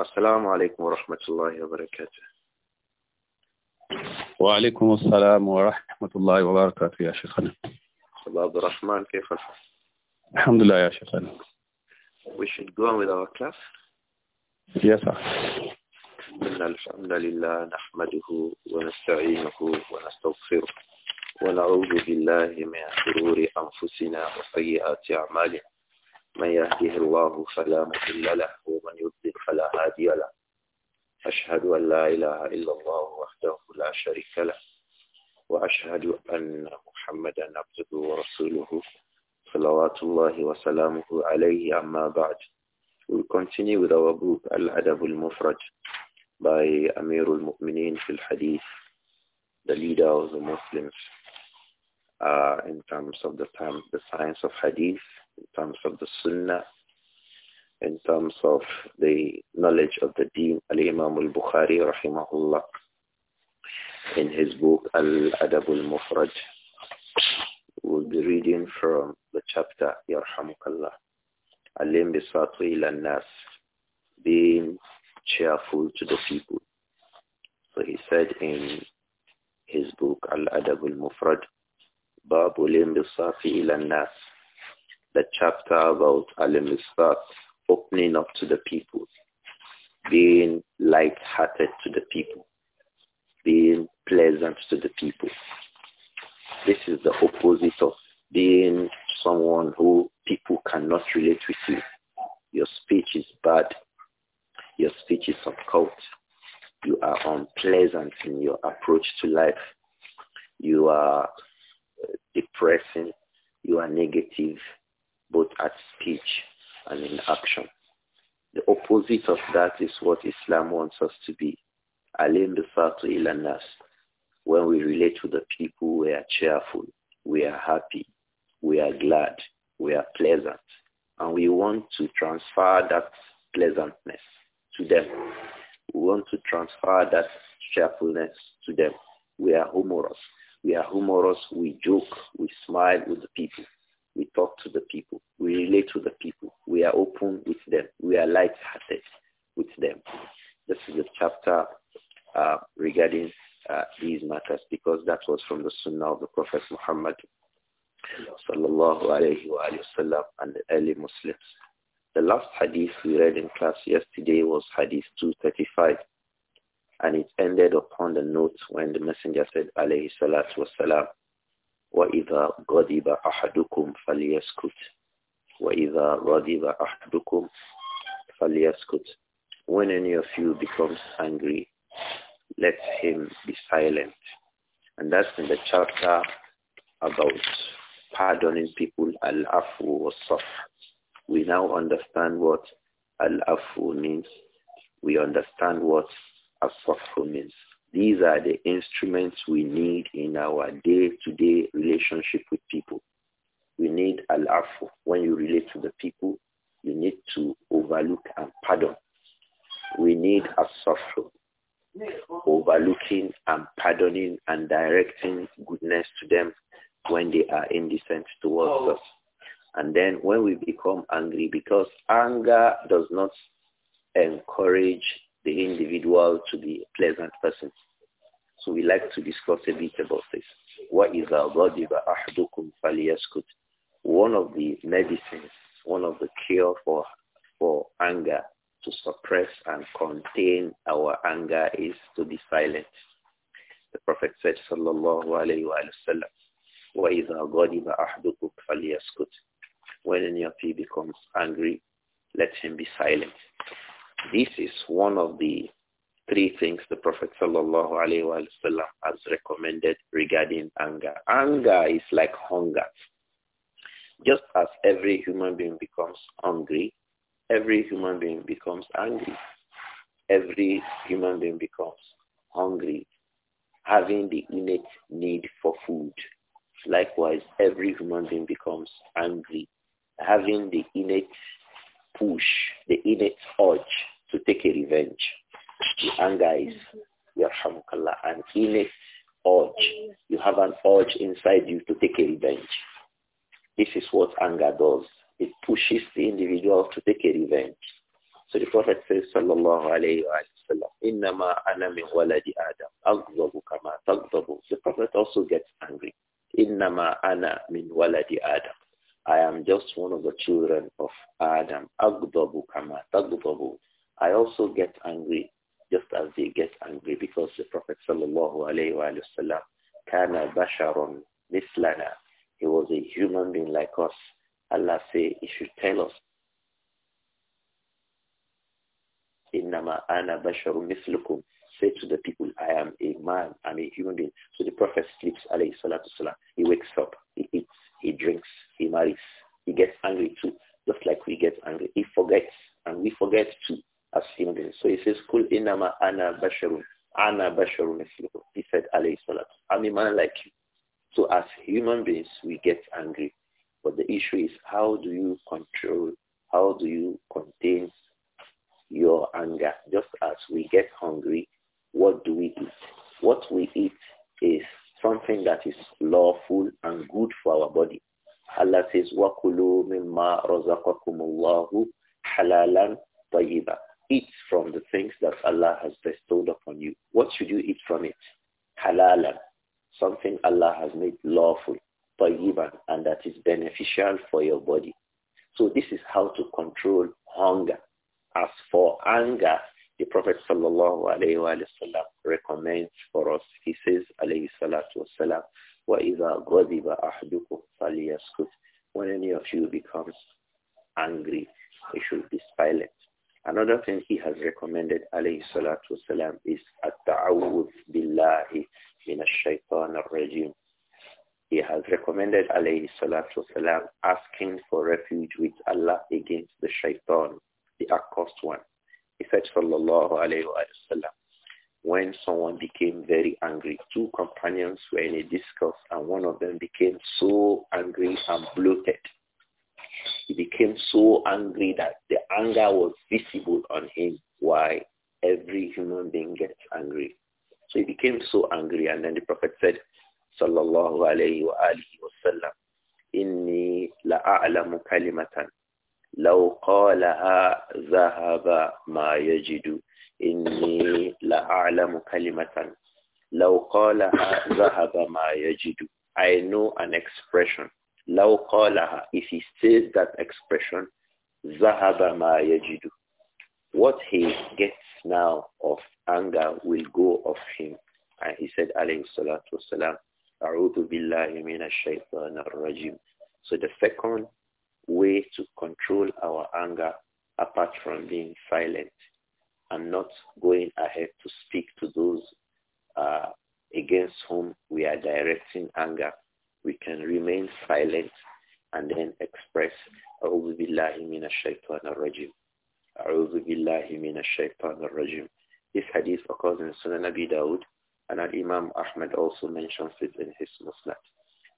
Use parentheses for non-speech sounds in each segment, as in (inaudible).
السلام عليكم ورحمة الله وبركاته وعليكم السلام ورحمة الله وبركاته يا شيخنا الله عبد الرحمن كيف الحال الحمد لله يا شيخنا We should go on with our class Yes sir إن الحمد لله نحمده ونستعينه ونستغفره ونعوذ بالله من شرور أنفسنا وسيئات أعمالنا من يهده الله فلا مضل له ومن يضلل فلا هادي له أشهد أن لا إله إلا الله وحده لا شريك له وأشهد أن محمدا عبده ورسوله صلوات الله وسلامه عليه أما بعد We continue with our book Al-Adab al mufraj by Amir al-Mu'minin fil Hadith the leader of the Muslims uh, in terms of the, term, the science of Hadith in terms of the Sunnah, in terms of the knowledge of the Deen, Al-Imam al-Bukhari, rahimahullah, in his book Al-Adab al-Mufraj. We'll be reading from the chapter Yarhamukallah. Alim bisatu ila nas, being cheerful to the people. So he said in his book Al-Adab al-Mufrad, Babu lim bisatu ila nas, the chapter about al opening up to the people, being light-hearted to the people, being pleasant to the people. This is the opposite of being someone who people cannot relate with you. Your speech is bad. Your speech is occult. You are unpleasant in your approach to life. You are depressing. You are negative both at speech and in action. The opposite of that is what Islam wants us to be. Alim bifatu ilanas. When we relate to the people, we are cheerful, we are happy, we are glad, we are pleasant. And we want to transfer that pleasantness to them. We want to transfer that cheerfulness to them. We are humorous. We are humorous. We joke. We smile with the people. We talk to the people. We relate to the people. We are open with them. We are light-hearted with them. This is a chapter uh, regarding uh, these matters because that was from the Sunnah of the Prophet Muhammad sallallahu alayhi wa sallam and the early Muslims. The last hadith we read in class yesterday was hadith 235 and it ended upon the note when the messenger said alayhi salatu wasalam وَإِذَا غَضِبَ أَحَدُكُمْ فَلْيَسْكُتْ وَإِذَا غَضِبَ أَحَدُكُمْ فَلْيَسْكُتْ When any of you becomes angry, let him be silent. And that's in the chapter about pardoning people, al-afu wa-saf. We now understand what al-afu means. We understand what as means. These are the instruments we need in our day-to-day relationship with people. We need al-afu. When you relate to the people, you need to overlook and pardon. We need a safu overlooking and pardoning and directing goodness to them when they are indecent towards oh. us. And then when we become angry, because anger does not encourage the individual to be a pleasant person. So we like to discuss a bit about this. What is our body? One of the medicines, one of the cure for for anger, to suppress and contain our anger is to be silent. The Prophet said, Sallallahu Alaihi Wasallam, What is our body? When any of you becomes angry, let him be silent. This is one of the three things the Prophet sallallahu has recommended regarding anger. Anger is like hunger. Just as every human being becomes hungry, every human being becomes angry. Every human being becomes hungry, having the innate need for food. Likewise, every human being becomes angry, having the innate push, the innate urge to take a revenge. The anger is Yarhamukallah and in urge. You have an urge inside you to take a revenge. This is what anger does. It pushes the individual to take a revenge. So the Prophet says, Sallallahu Alaihi Wasallam, Innama ana min waladi Adam, agzabu kama tagzabu. The Prophet also gets angry. Innama ana min waladi Adam. I am just one of the children of Adam. Agzabu kama tagzabu. I also get angry just as they get angry because the Prophet sallallahu alayhi wa sallam kana basharun mislana. He was a human being like us. Allah say he should tell us innama ana basharun mislukum. Say to the people, I am a man, I'm a human being. So the Prophet sleeps, alayhi salatu salam. He wakes up, he eats, he drinks, he marries. He gets angry too, just like we get angry. He forgets, and we forget too as human So he says, Kul inama ana basharun. Ana basharun He said, alayhi salatu. I'm a man like you. So as human beings, we get angry. But the issue is how do you control, how do you contain your anger? Just as we get hungry, what do we eat? What we eat is something that is lawful and good for our body. Allah says, وَكُلُوا مِمَّا رَزَقَكُمُ اللَّهُ حَلَالًا طَيِّبًا eat from the things that Allah has bestowed upon you. What should you eat from it? Halalan, something Allah has made lawful, tayyiban, and that is beneficial for your body. So this is how to control hunger. As for anger, the Prophet sallallahu recommends for us. He says, alayhi salatu wasalam, وَإِذَا غَضِبَ أَحْدُكُمْ فَلْيَسْكُتْ When any of you becomes angry, you should be silent. Another thing he has recommended, alayhi salatu wasalam, is at-ta'awudh billahi min ash-shaytan rajim He has recommended, alayhi salatu wasalam, asking for refuge with Allah against the shaitan, the accursed one. He said, sallallahu alayhi wa sallam, when someone became very angry, two companions were in a discourse and one of them became so angry and bloated he became so angry that the anger was visible on him. Why? Every human being gets angry. So he became so angry and then the Prophet said, Sallallahu alayhi wa alihi wa sallam, Inni la'a'lamu kalimatan. لو قالها ذهب ما يجد إني لأعلم كلمة لو قالها ذهب ma yajidu." I know an expression لو ha if he says that expression ذهب ma yajidu. what he gets now of anger will go off him and he said عليه الصلاة والسلام أعوذ بالله من الشيطان الرجيم so the second way to control our anger apart from being silent and not going ahead to speak to those uh, against whom we are directing anger we can remain silent and then express أعوذ بالله من الشيطان الرجيم أعوذ بالله من الشيطان الرجيم This hadith occurs in Sunan Abi Dawud and Imam Ahmad also mentions it in his Musnad.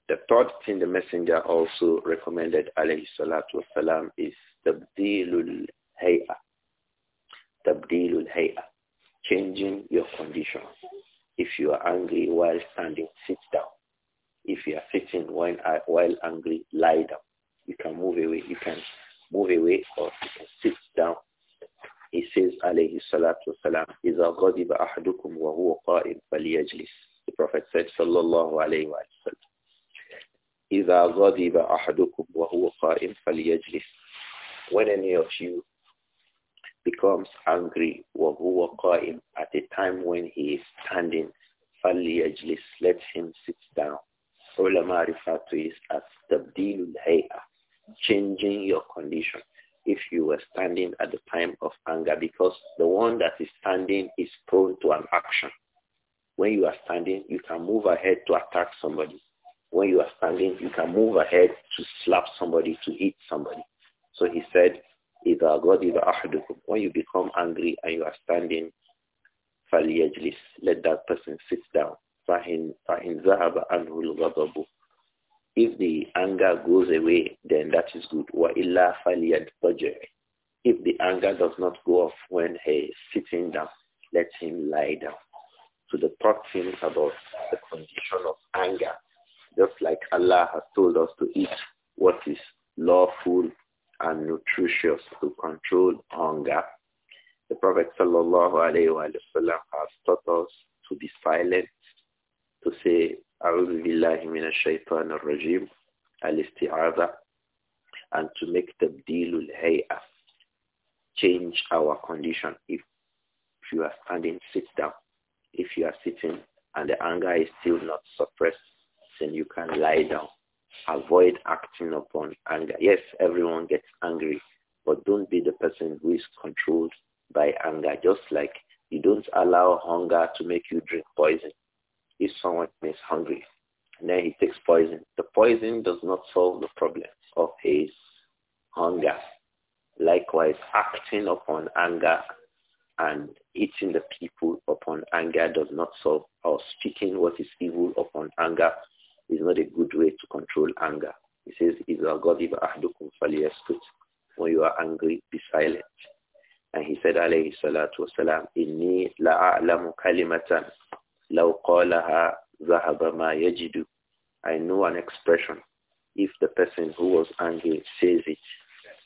The third thing the messenger also recommended alayhi salatu wasalam is "تَبْدِيلُ hay'a. "تَبْدِيلُ hay'a. Changing your condition. If you are angry while standing, sit down. If you are sitting while, while angry, lie down. You can move away. You can move away or you can sit down. He says, alayhi salatu a إِذَا غَضِبَ أَحَدُكُمْ وَهُوَ قَائِمْ فَلْيَجْلِسْ The Prophet said, sallallahu alayhi wa sallam, إِذَا غَضِبَ أَحَدُكُمْ وَهُوَ قَائِمْ فَلْيَجْلِسْ When any of you becomes angry, وَهُوَ قَائِمْ At a time when he is standing, فَلْيَجْلِسْ Let him sit down ulama refer to is as tabdilul hay'a, changing your condition. If you were standing at the time of anger, because the one that is standing is prone to an action. When you are standing, you can move ahead to attack somebody. When you are standing, you can move ahead to slap somebody, to hit somebody. So he said, God, غَضِبَ أَحْدُكُمْ When you become angry and you are standing, Let that person sit down. ذَهَبَ الْغَضَبُ If the anger goes away, then that is good. وَإِلَّا فَلْيَدْتَجِعْ If the anger does not go off when he is sitting down, let him lie down. So the third thing about the condition of anger, just like Allah has told us to eat what is lawful and nutritious to control hunger, the Prophet ﷺ has taught us to be silent to say, أعوذ بالله من الشيطان الرجيم الاستعاذة and to make تبديل الهيئة change our condition if you are standing sit down if you are sitting and the anger is still not suppressed then you can lie down avoid acting upon anger yes everyone gets angry but don't be the person who is controlled by anger just like you don't allow hunger to make you drink poison if someone is hungry and then he takes poison. The poison does not solve the problem of his hunger. Likewise, acting upon anger and eating the people upon anger does not solve or speaking what is evil upon anger is not a good way to control anger. He says, When you are angry, be silent. And he said, alayhi salatu wasalam, Inni la'a'lamu kalimatan لو قالها ذهب ما يجد I know an expression. If the person who was angry says it,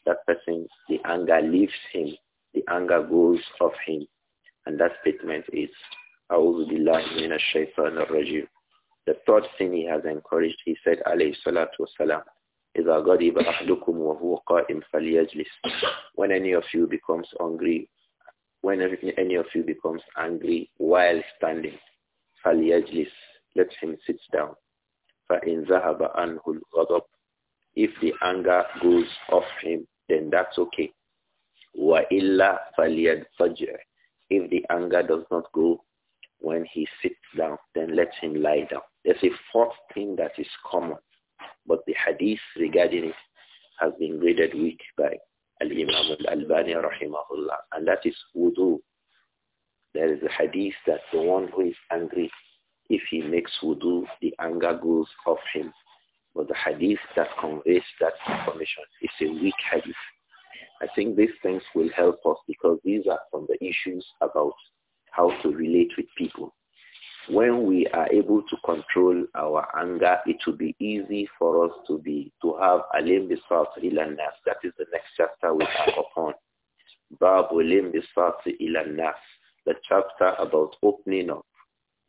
that person, the anger leaves him. The anger goes off him. And that statement is, أعوذ بالله من الشيطان الرجيم. The third thing he has encouraged, he said, عليه الصلاة والسلام, إذا غضب أحدكم وهو قائم فليجلس. When any of you becomes angry, when any of you becomes angry while standing, فَلْيَجْلِسْ Let him sit down. فَإِنْ ذَهَبَ عَنْهُ الْغَضَبُ If the anger goes off him, then that's okay. وَإِلَّا فَلْيَدْفَجْرِ If the anger does not go when he sits down, then let him lie down. There's a fourth thing that is common, but the hadith regarding it has been graded weak by Al-Imam Al-Albani rahimahullah, and that is wudu. There is a hadith that the one who is angry, if he makes wudu, the anger goes off him. But the hadith that conveys that information is a weak hadith. I think these things will help us because these are from the issues about how to relate with people. When we are able to control our anger, it will be easy for us to be to have alim bisfat ilan That is the next chapter we talk upon. Bab alim bisfat ilan nas the chapter about opening up,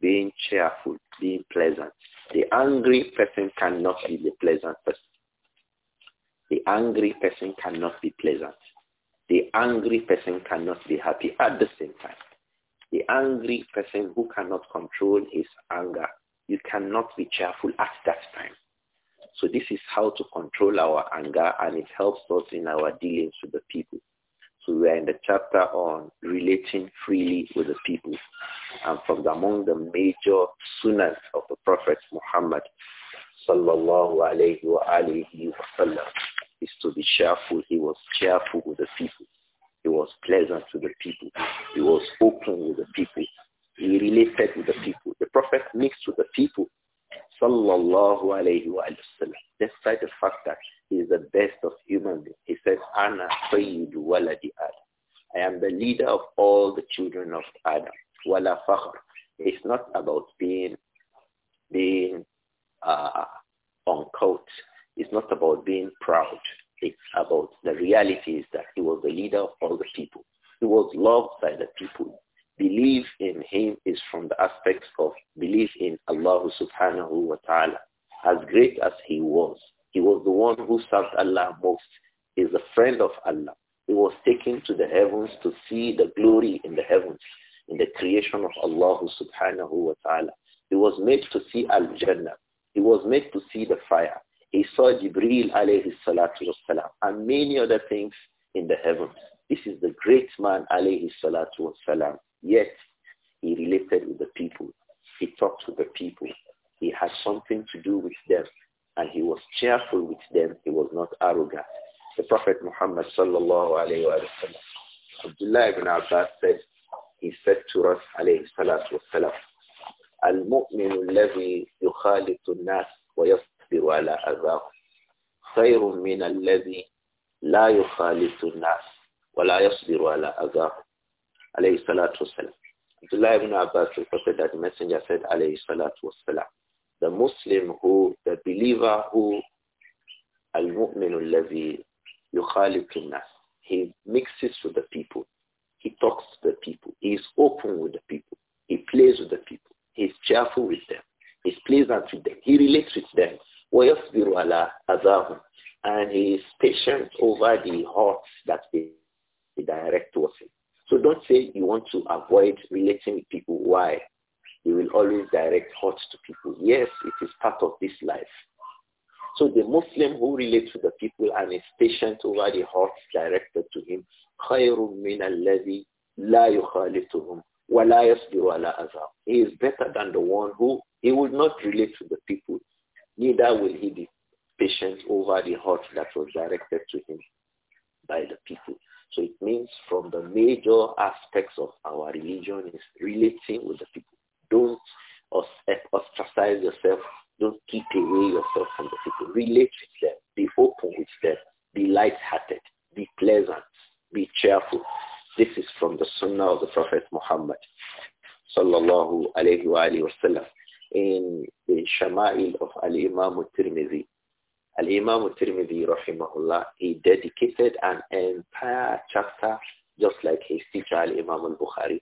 being cheerful, being pleasant. The angry person cannot be the pleasant person. The angry person cannot be pleasant. The angry person cannot be happy at the same time. The angry person who cannot control his anger, you cannot be cheerful at that time. So this is how to control our anger and it helps us in our dealings with the people. So we are in the chapter on relating freely with the people. And from among the major sunnahs of the Prophet Muhammad sallallahu alayhi wa alihi wa sallam is to be cheerful. He was cheerful with the people. He was pleasant to the people. He was open with the people. He related with the people. The Prophet mixed with the people sallallahu alayhi wa sallam, despite the fact that he is the best of human beings. He says, Ana sayyidu waladi Adam. I am the leader of all the children of Adam. Wala fakhr. It's not about being, being uh, coat. It's not about being proud. It's about the reality is that he was the leader of all the people. He was loved by the people. Believe in him is from the aspects of belief in Allah subhanahu wa ta'ala. As great as he was, he was the one who served Allah most. He is a friend of Allah. He was taken to the heavens to see the glory in the heavens, in the creation of Allah subhanahu wa ta'ala. He was made to see Al-Jannah. He was made to see the fire. He saw Jibril alayhi salatu wasalam and many other things in the heavens. This is the great man alayhi salatu wasalam Yet, he related with the people. He talked to the people. He had something to do with them. And he was cheerful with them. He was not arrogant. The Prophet Muhammad sallallahu alayhi wa sallam, Abdullah ibn Abbas said, he said to us alayhi salatu wasalam, المؤمن الذي يخالط الناس ويصبر على أذاهم خير من الذي لا يخالط الناس ولا يصبر على أذاهم alayhi salatu wasalam. Abdullah ibn Abbas reported that the messenger said, alayhi salatu wasalam, the Muslim who, the believer who, al-mu'min al-lazi yukhaliqun nas. He mixes with the people. He talks to the people. He is open with the people. He plays with the people. He is cheerful with them. He is pleasant with them. He relates with them. وَيَصْبِرُ عَلَىٰ أَذَاهُمْ And he is patient over the hearts that they, they direct towards him. So don't say you want to avoid relating with people. Why? You will always direct hurt to people. Yes, it is part of this life. So the Muslim who relates to the people and is patient over the hurt directed to him, He is better than the one who he would not relate to the people, neither will he be patient over the hurt that was directed to him by the people. So it means from the major aspects of our religion is relating with the people. Don't eh, ostracize yourself. Don't keep away yourself from the people. Relate with them. Be open with them. Be light-hearted. Be pleasant. Be cheerful. This is from the Sunnah of the Prophet Muhammad sallallahu alayhi wasallam, In the Shama'il of Al-Imam al-Tirmidhi, Al-Imam al-Tirmidhi, rahimahullah, he dedicated an entire chapter, just like his teacher, Al-Imam al-Bukhari.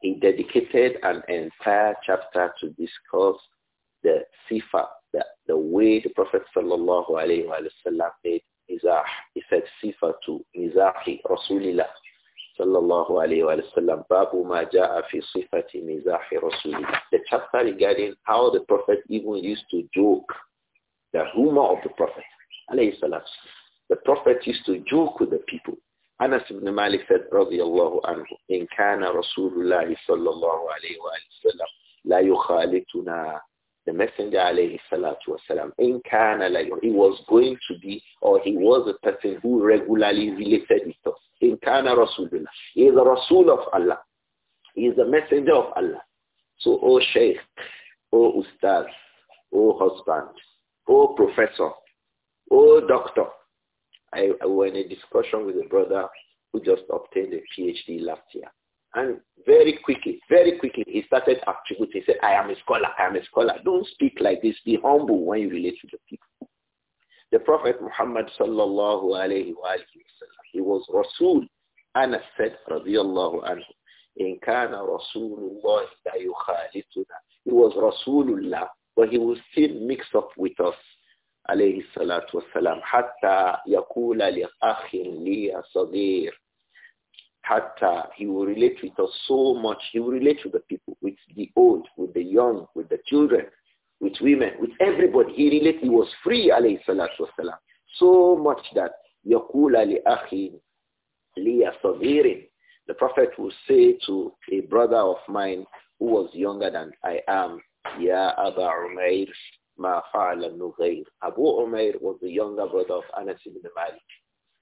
He dedicated an entire chapter to discuss the sifa, the, the way the Prophet sallallahu alayhi wa sallam made mizah. He said sifa to mizahi Rasulillah sallallahu alayhi wa sallam. Babu ma ja'a fi sifati mizahi Rasulillah. The chapter regarding how the Prophet even used to joke the humor of the Prophet. The Prophet used to joke with the people. Anas ibn Malik said, radiyallahu anhu, إن كان Rasulullah الله صلى the messenger alayhi salatu wasalam, in kana he was going to be or he was a person who regularly related with us. In kana rasulullah. He is a rasul of Allah. He is a messenger of Allah. So, O oh all O oh ustaz, O oh husband, oh, professor, oh, doctor. I, I was in a discussion with a brother who just obtained a PhD last year. And very quickly, very quickly, he started attributing. He said, I am a scholar, I am a scholar. Don't speak like this. Be humble when you relate to the people. The Prophet Muhammad sallallahu alayhi wa sallam, he was Rasul. Anas said, radiallahu anhu, in kana Rasulullah la yukhalituna. He was Rasulullah but he will still mix up with us, alayhi salatu wasalam, hatta yakula li akhin li حتى he will relate with us so much. He will relate with the people, with the old, with the young, with the children, with women, with everybody. He relate. he was free, alayhi salatu wasalam. So much that yakula li akhin The Prophet will say to a brother of mine who was younger than I am, Ya Abu Umair, ma fa'ala Nughair. Abu Umair was the younger brother of Anas ibn Malik.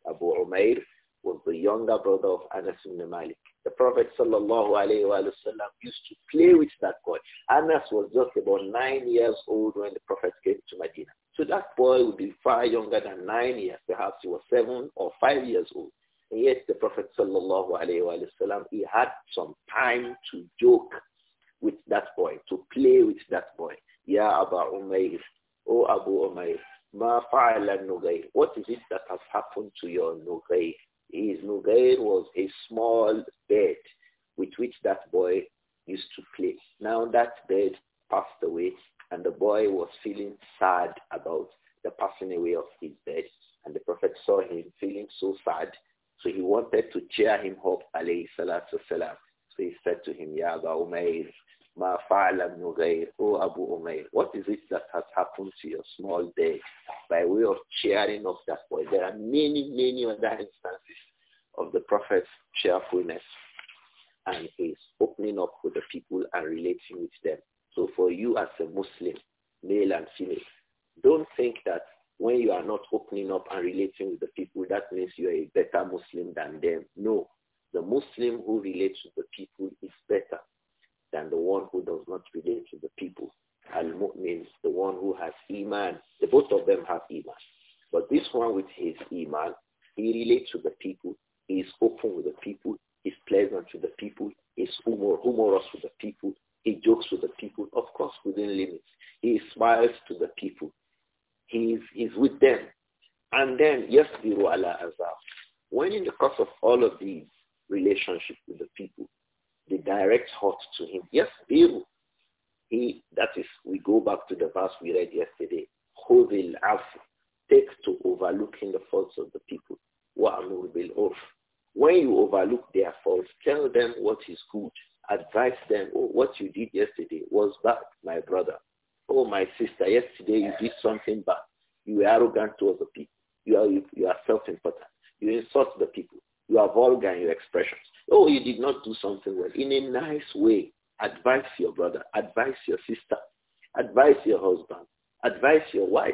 Abu Umair was the younger brother of Anas ibn Malik. The Prophet sallallahu alayhi wa sallam used to play with that boy. Anas was just about nine years old when the Prophet came to Medina. So that boy would be far younger than nine years. Perhaps he was seven or five years old. And yet the Prophet sallallahu alayhi wa sallam, he had some time to joke with that boy, to play with that boy. Ya Abu Umayr, O Abu Umayr, ma fa'ala Nugayr. What is it that has happened to your Nugayr? His Nugayr was a small bed with which that boy used to play. Now that bed passed away and the boy was feeling sad about the passing away of his bed. And the Prophet saw him feeling so sad. So he wanted to cheer him up, alayhi salatu salam. So he said to him, Ya Aba Umayr, Ma fa'ala O Abu what is it that has happened to your small day by way of cheering of that boy? There are many, many other instances of the Prophet's cheerfulness and his opening up with the people and relating with them. So for you as a Muslim, male and female, don't think that when you are not opening up and relating with the people, that means you are a better Muslim than them. No. The Muslim who relates with the people is better than the one who does not relate to the people. Al-Mu'min, the one who has Iman. The both of them have Iman. But this one with his Iman, he relates to the people. He is open with the people. He's pleasant to the people. He's humor, humorous with the people. He jokes with the people, of course, within limits. He smiles to the people. He's, he's with them. And then, yes, Allah azab. When in the course of all of these relationships with the people, the direct hurt to him. Yes, Bill. He, that is, we go back to the verse we read yesterday. will af, take to overlooking the faults of the people. Wa'amur bil off. When you overlook their faults, tell them what is good. Advise them, oh, what you did yesterday was bad, my brother. Oh, my sister, yesterday you did something bad. You were arrogant towards the people. You are, you are self-important. You insult the people. You are vulgar in your expressions. Oh, you did not do something well. In a nice way, advise your brother, advise your sister, advise your husband, advise your wife.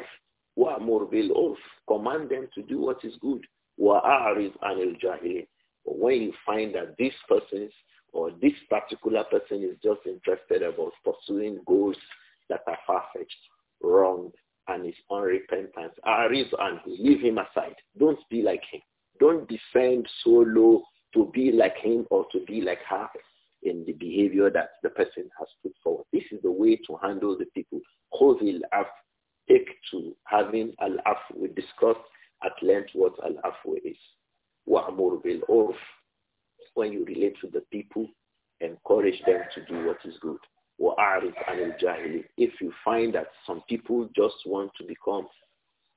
Command them to do what is good. وَأَعْرِضْ When you find that this person or this particular person is just interested about pursuing goals that are far-fetched, wrong, and is unrepentant, أَعْرِضْ عَنْهُ Leave him aside. Don't be like him. Don't descend so low to be like him or to be like her in the behavior that the person has put forward. This is the way to handle the people. Khuzil af, take to having al-af. We discussed at length what al-afu is. Wa'amur bil urf. When you relate to the people, encourage them to do what is good. Wa'arif anil jahili. If you find that some people just want to become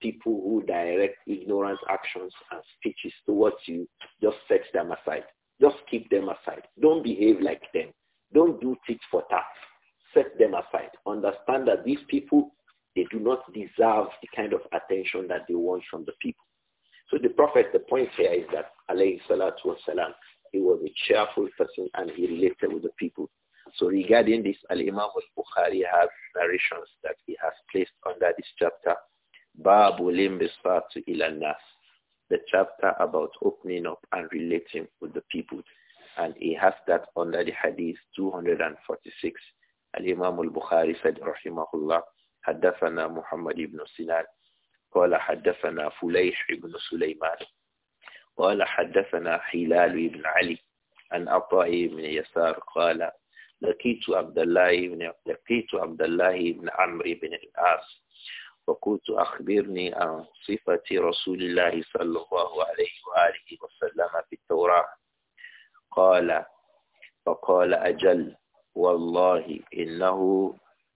people who direct ignorant actions and speeches towards you, just set them aside. Just keep them aside. Don't behave like them. Don't do tit for tat. Set them aside. Understand that these people, they do not deserve the kind of attention that they want from the people. So the Prophet, the point here is that, alayhi salatu wasalam, he was a cheerful person and he related with the people. So regarding this, Al-Imam al-Bukhari has narrations that he has placed under this chapter Babu to Ilanas, the chapter about opening up and relating with the people. And he has that under the Hadith 246. Al-Imam al-Bukhari said, Rahimahullah, حدثنا محمد بن سنان قال حدثنا فليح بن سليمان قال حدثنا حلال بن علي عن عطاء بن يسار قال لقيت عبد الله بن لقيت عبد الله بن عمرو بن العاص فقلت أخبرني عن صفة رسول الله صلى الله عليه وآله وسلم في التوراة قال فقال أجل والله إنه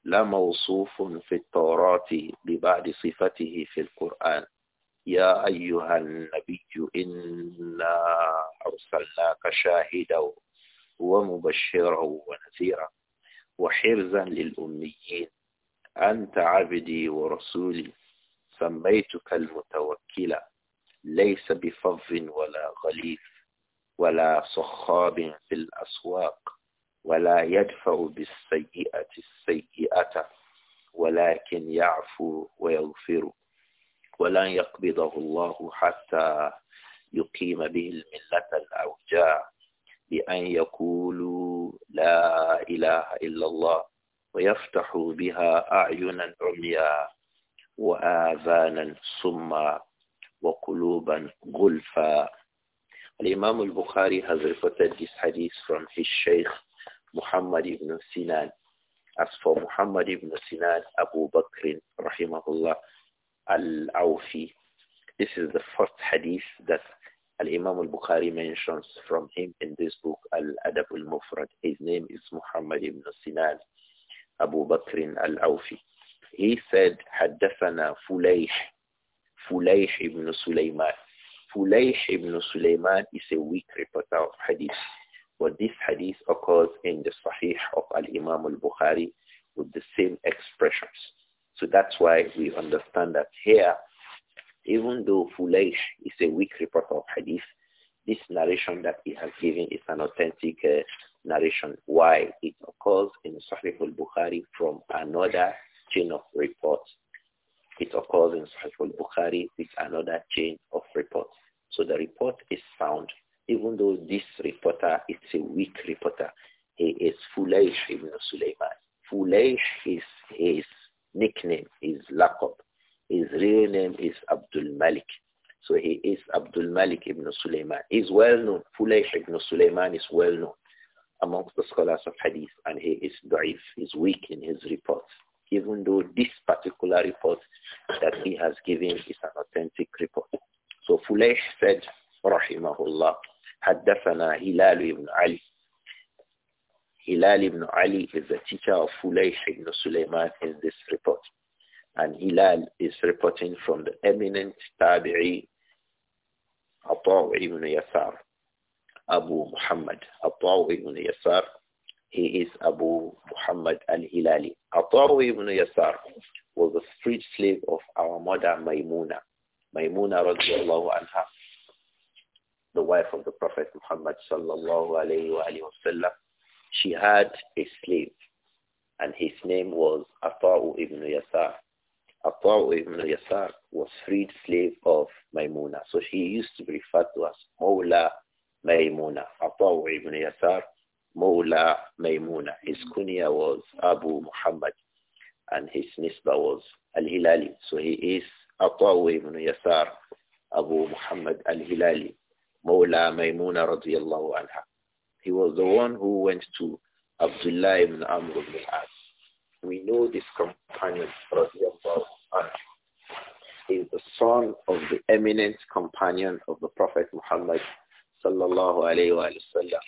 لموصوف في التوراة ببعض صفته في القرآن يا أيها النبي إنا أرسلناك شاهدا ومبشرا ونذيرا وحرزا للأميين أنت عبدي ورسولي سميتك المتوكلة ليس بفظ ولا غليظ ولا صخاب في الأسواق ولا يدفع بالسيئة السيئة ولكن يعفو ويغفر ولن يقبضه الله حتى يقيم به الملة الأوجاع بأن يقولوا لا إله إلا الله ويفتح بها أعينا عميا وآذانا صما وقلوبا غلفا الإمام البخاري has reported this hadith from his Shaykh Muhammad ibn Sinan as for Muhammad ibn Sinan Abu Bakr rahimahullah al-Awfi this is the first hadith that الإمام البخاري mentions from him in this book, الأدب المفرد His name is Muhammad ibn Sinan Abu Bakr al-Awfi. He said, حدثنا فليح فليح ibn Sulaiman. Fulayh ibn Sulaiman is a weak reporter of hadith. But this hadith occurs in the Sahih of Al-Imam al-Bukhari with the same expressions. So that's why we understand that here, even though Fulayh is a weak reporter of hadith, this narration that he has given is an authentic uh, narration why it occurs in Sahih al-Bukhari from another chain of reports. It occurs in Sahih al-Bukhari with another chain of reports. So the report is sound, even though this reporter is a weak reporter. He is Fulaysh ibn Sulaiman. Fulaysh is his nickname, his laqab. His real name is Abdul Malik. So he is Abdul Malik ibn Sulaiman. He's well known. Fulaysh ibn Sulaiman is well known amongst the scholars of hadith and he is da'if, is weak in his reports. Even though this particular report that he has given is an authentic report. So Fulayh said, rahimahullah, حدثنا Hilal ibn Ali. Hilal ibn Ali is the teacher of Fulayh ibn Sulaiman in this report. And Hilal is reporting from the eminent Tabi'i Atta' ibn Yasar. Abu Muhammad. Atawu ibn Yasar, he is Abu Muhammad al-Hilali. Atawu ibn Yasar was a street slave of our mother Maimuna. Maimuna radiallahu anha, the wife of the Prophet Muhammad sallallahu alayhi wa sallam. She had a slave and his name was Ata'u ibn Yasar. Ata'u ibn Yasar was freed slave of Maimuna. So she used to be referred to as Mawla Maymuna. Atawu ibn Yasar, Mawla Maimuna. His kunya was Abu Muhammad and his nisba was Al-Hilali. So he is Atawu ibn Yasar, Abu Muhammad Al-Hilali, Mawla Maimuna radiyallahu anha. He was the one who went to Abdullah ibn Amr ibn al-As. We know this companion radiyallahu anha is the son of the eminent companion of the Prophet Muhammad sallallahu alayhi wa sallam,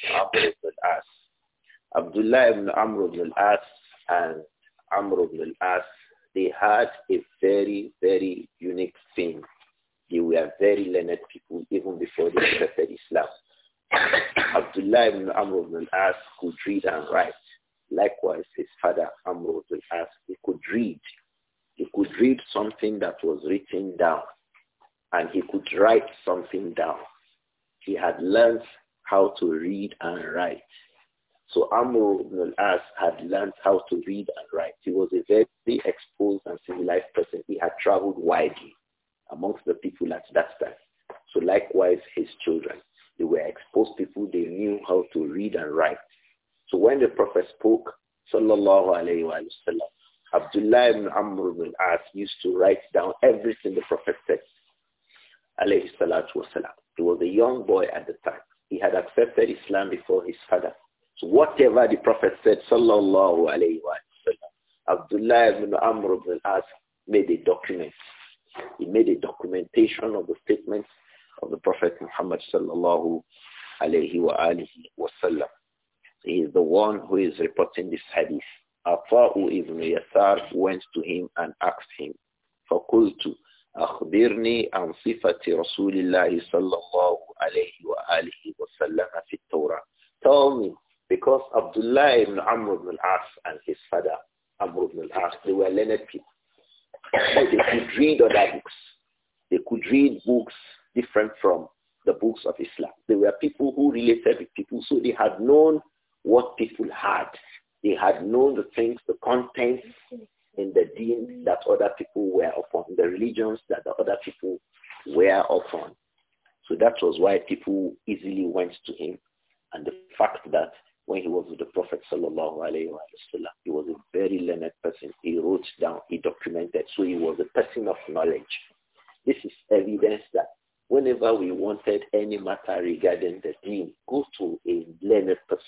as Abdullah ibn Amr ibn al-As and Amr ibn al-As, they had a very, very unique thing. They were very learned people even before they accepted Islam. Abdullah ibn Amr ibn al-As could read and write. Likewise, his father, Amr ibn al-As, he could read. He could read something that was written down and he could write something down. He had learned how to read and write. So Amr ibn al-As had learned how to read and write. He was a very exposed and civilized person. He had traveled widely amongst the people at that time. So likewise, his children. They were exposed people. They knew how to read and write. So when the Prophet spoke, sallallahu alayhi wa sallam, Abdullah ibn Amr ibn al-As used to write down everything the Prophet said, alayhi salatu wa he was a young boy at the time. He had accepted Islam before his father. So whatever the Prophet said, sallallahu alayhi wa sallam, Abdullah ibn Amr ibn al-As made a document. He made a documentation of the statements of the Prophet Muhammad sallallahu alayhi wa alihi wa sallam. He is the one who is reporting this hadith. Afa'u ibn Yasar went to him and asked him, فَقُلْتُ أخبرني عن صفة رسول الله صلى الله عليه وآله وسلم في التوراة. Tell me, because Abdullah ibn Amr ibn al-As and his father, Amr ibn al-As, they were learned people. they could read other books. They could read books different from the books of Islam. They were people who related with people, so they had known what people had. They had known the things, the contents in the deen that other people were upon, the religions that the other people were upon. So that was why people easily went to him. And the fact that when he was with the Prophet sallallahu alaihi wasallam, he was a very learned person. He wrote down, he documented. So he was a person of knowledge. This is evidence that whenever we wanted any matter regarding the deen, go to a learned person.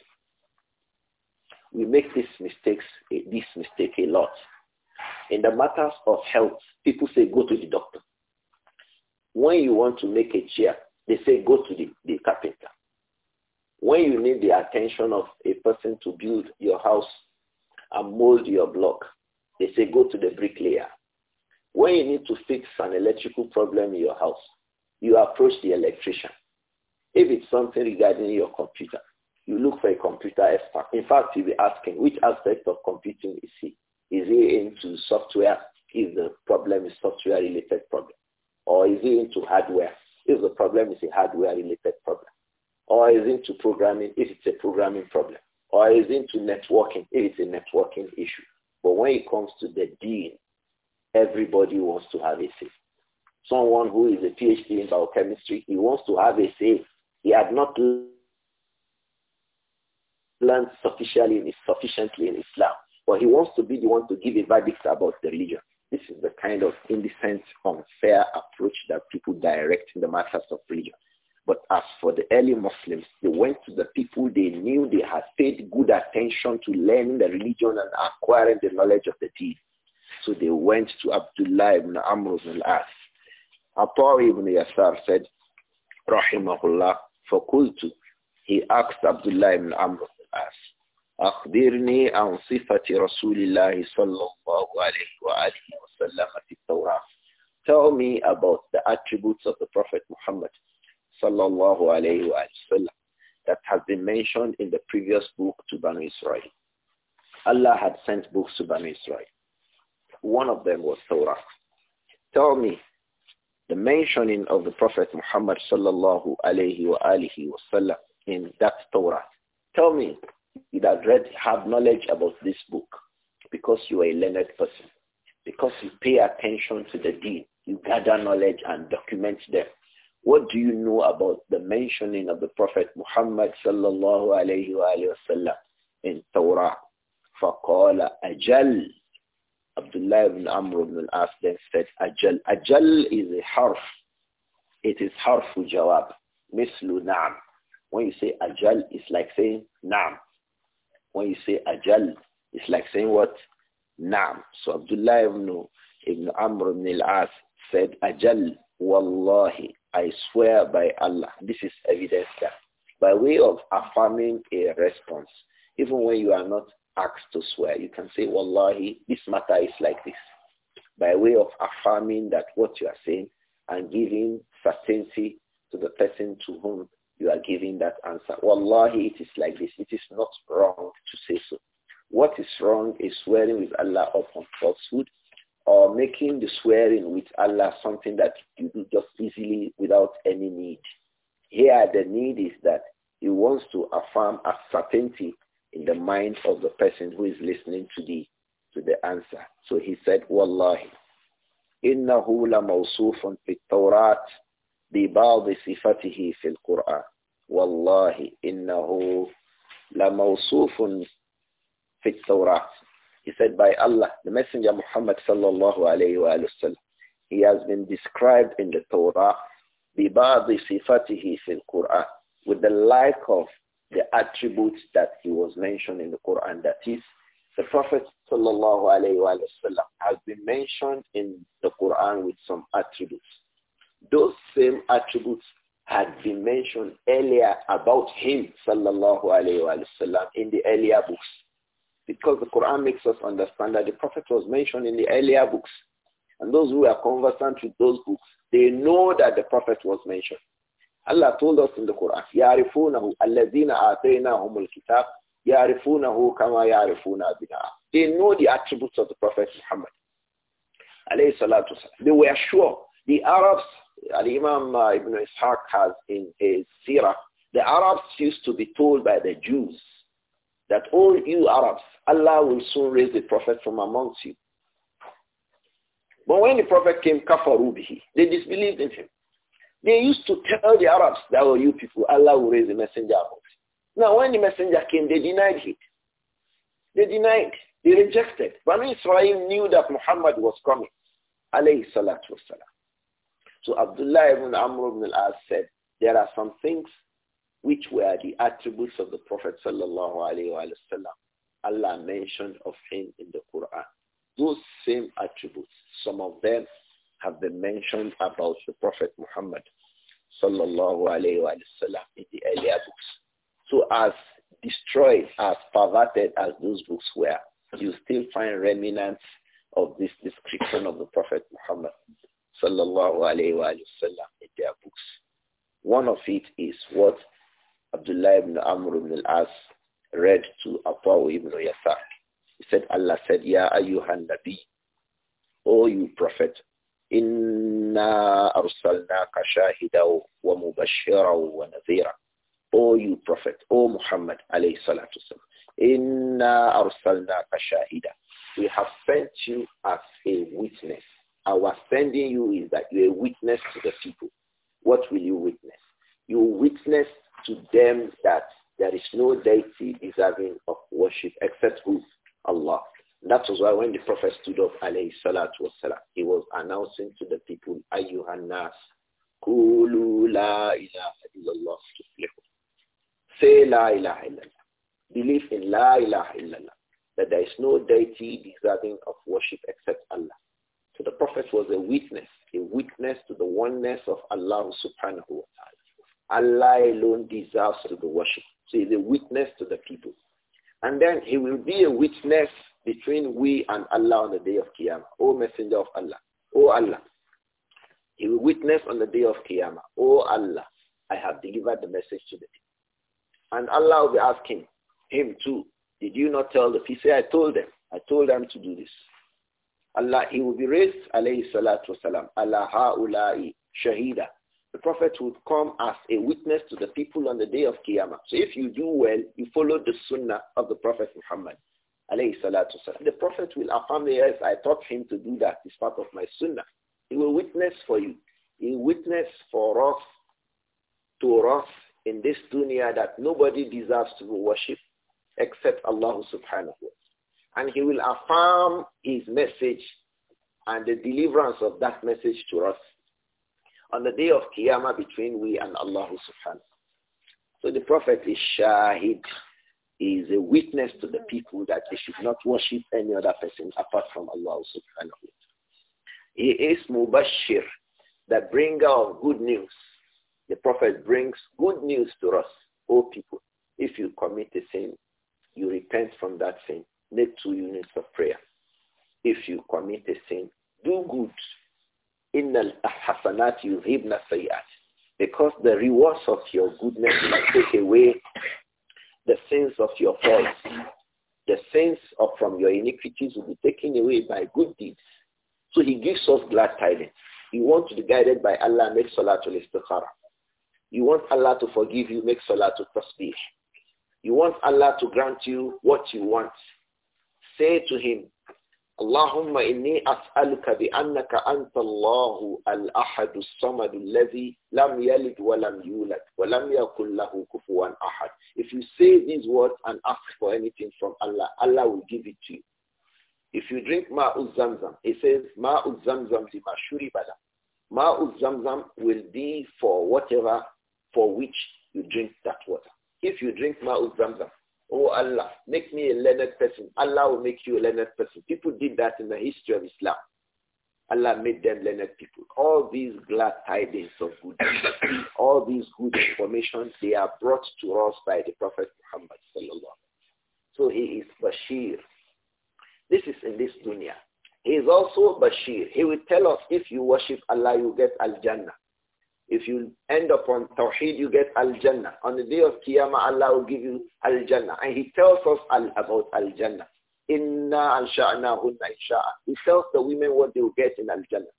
We make these mistakes, eh, this mistake a lot. In the matters of health, people say go to the doctor. When you want to make a chair, they say go to the, the carpenter. When you need the attention of a person to build your house and mold your block, they say go to the bricklayer. When you need to fix an electrical problem in your house, you approach the electrician. If it's something regarding your computer, you look for a computer expert. In fact, you'll be asking, which aspect of computing is he? Is he into software? Is the problem a software-related problem? Or is he into hardware? Is the problem is a hardware-related problem? Or is he into programming Is it a programming problem? Or is he into networking Is it a networking issue? But when it comes to the dean, everybody wants to have a say. Someone who is a PhD in biochemistry, he wants to have a say. He had not learned sufficiently in, sufficiently in Islam. But he wants to be the one to give a verdict about the religion. This is the kind of indecent, unfair approach that people direct in the matters of religion. But as for the early Muslims, they went to the people they knew they had paid good attention to learning the religion and acquiring the knowledge of the deed. So they went to Abdullah ibn Amr ibn al-As. Atar ibn Yasar said, Rahimahullah, Kultu, He asked Abdullah ibn Amr ibn al-As, أخبرني عن صفة رسول الله صلى الله عليه وآله وسلم في التوراة. Tell me about the attributes of the Prophet Muhammad صلى الله عليه وآله وسلم that has been mentioned in the previous book to Banu Israel. Allah had sent books to Banu Israel. One of them was Torah. Tell me, the mentioning of the Prophet Muhammad sallallahu alayhi wa alihi wasallam in that Torah. Tell me, you already have knowledge about this book because you are a learned person. Because you pay attention to the deed, you gather knowledge and document them. What do you know about the mentioning of the Prophet Muhammad sallallahu alayhi wa sallam in Torah? فَقَالَ أَجَلْ Abdullah ibn Amr ibn al-As then said is a harf. It is harfu jawab. جَوَابَ مِثْلُ نَعْمَ When you say أَجَلَ i s l it's like saying na'am. When you say ajal, it's like saying what? Naam. So Abdullah ibn, ibn Amr ibn al-As said, ajal, wallahi, I swear by Allah. This is evidence that by way of affirming a response, even when you are not asked to swear, you can say, wallahi, this matter is like this. By way of affirming that what you are saying and giving certainty to the person to whom you are giving that answer. Wallahi, it is like this. It is not wrong to say so. What is wrong is swearing with Allah upon falsehood or making the swearing with Allah something that you do just easily without any need. Here the need is that he wants to affirm a certainty in the mind of the person who is listening to the to the answer. So he said, Wallahi, إنه لموصوف في التوراة ببعض صفته في القرآن والله إنه لموصوف في التوراة He said by Allah, the Messenger Muhammad sallallahu alayhi wa sallam, he has been described in the Torah ببعض في القرآن with the like of the attributes that he was mentioned in the Quran. That is, the Prophet sallallahu alayhi wa sallam has been mentioned in the Quran with some attributes. Those same attributes had been mentioned earlier about him, sallallahu alayhi wa sallam, in the earlier books. Because the Quran makes us understand that the Prophet was mentioned in the earlier books. And those who are conversant with those books, they know that the Prophet was mentioned. Allah told us in the Quran, يَعْرِفُونَهُ الَّذِينَ آتَيْنَاهُمُ الْكِتَابِ يَعْرِفُونَهُ كَمَا يَعْرِفُونَ They know the attributes of the Prophet Muhammad. They were sure. The Arabs Al-Imam uh, Ibn Ishaq has in his seerah, the Arabs used to be told by the Jews that, all oh, you Arabs, Allah will soon raise a prophet from amongst you. But when the prophet came, kafar bihi, they disbelieved in him. They used to tell the Arabs that were oh, you people, Allah will raise a messenger amongst you. Now when the messenger came, they denied it. They denied, they rejected. Banu Israel knew that Muhammad was coming, alayhi salatu wasalam. So Abdullah ibn Amr ibn al said, there are some things which were the attributes of the Prophet sallallahu alayhi wa Allah mentioned of him in the Quran. Those same attributes, some of them have been mentioned about the Prophet Muhammad sallallahu alayhi wa in the earlier books. So as destroyed, as perverted as those books were, you still find remnants of this description of the Prophet Muhammad sallallahu alayhi wa sallam in their books. One of it is what Abdullah ibn Amr ibn al-As read to Abu ibn Yasar. He said, Allah said, Ya ayyuhan nabi, O you prophet, inna arsalnaka shahidaw wa mubashiraw wa nadhira. O you prophet, O Muhammad alayhi salatu inna arsalnaka shahida. We have sent you as a witness. Our sending you is that you're a witness to the people. What will you witness? You witness to them that there is no deity deserving of worship except who? Allah. That was why when the Prophet stood up, alayhi salatu wasalam, he was announcing to the people, ayyuhan nas, kulu la ilaha illallah Say la ilaha illallah. Believe in la ilaha illallah, that there is no deity deserving of worship except Allah. So the prophet was a witness, a witness to the oneness of Allah subhanahu wa ta'ala. Allah alone deserves to be worshipped. So he's a witness to the people. And then he will be a witness between we and Allah on the day of Qiyamah. O Messenger of Allah. O Allah. He will witness on the day of Qiyamah. O Allah, I have delivered the message to the people. And Allah will be asking him too, did you not tell the people? He said, I told them. I told them to do this. Allah, he will be raised, alayhi salatu wasalam, ala ulai shahida. The Prophet would come as a witness to the people on the day of Qiyamah. So if you do well, you follow the sunnah of the Prophet Muhammad, alayhi salatu wasalam. The Prophet will affirm, yes, I taught him to do that. It's part of my sunnah. He will witness for you. He will witness for us, to us in this dunya that nobody deserves to be worshipped except Allah subhanahu wa and he will affirm his message and the deliverance of that message to us on the day of Qiyamah between we and Allah subhanahu. So the Prophet is Shahid. is a witness to the people that they should not worship any other person apart from Allah subhanahu. He is Mubashir, the bringer of good news. The Prophet brings good news to us, O people. If you commit a sin, you repent from that sin make two units of prayer. If you commit a sin, do good. Innal hasanat yuzhibna sayyat. Because the rewards of your goodness will take away the sins of your faults. The sins of, from your iniquities will be taken away by good deeds. So he gives us glad tidings. You want to be guided by Allah, make salatul istikhara. You want Allah to forgive you, make salatul tasbih. You want Allah to grant you what you want, Say to him, اللهم إني أسألك بأنك أنت الله الأحد الصمد الذي لم يلد ولم يولد ولم يكن له كفوا أحد. If you say these words and ask for anything from Allah, Allah will give it to you. If you drink ماء الزمزم, he says ماء الزمزم zamzam lima shuribala. ماء الزمزم will be for whatever for which you drink that water. If you drink ماء الزمزم. Oh Allah, make me a learned person. Allah will make you a learned person. People did that in the history of Islam. Allah made them learned people. All these glad tidings of good, (coughs) all these good information, they are brought to us by the Prophet Muhammad sallallahu So he is Bashir. This is in this dunya. He is also Bashir. He will tell us if you worship Allah, you get Al-Jannah. If you end up on Tawheed, you get Al-Jannah. On the day of Qiyamah, Allah will give you Al-Jannah. And he tells us al about Al-Jannah. Inna ansha'nahunna sha'a. He tells the women what they will get in Al-Jannah.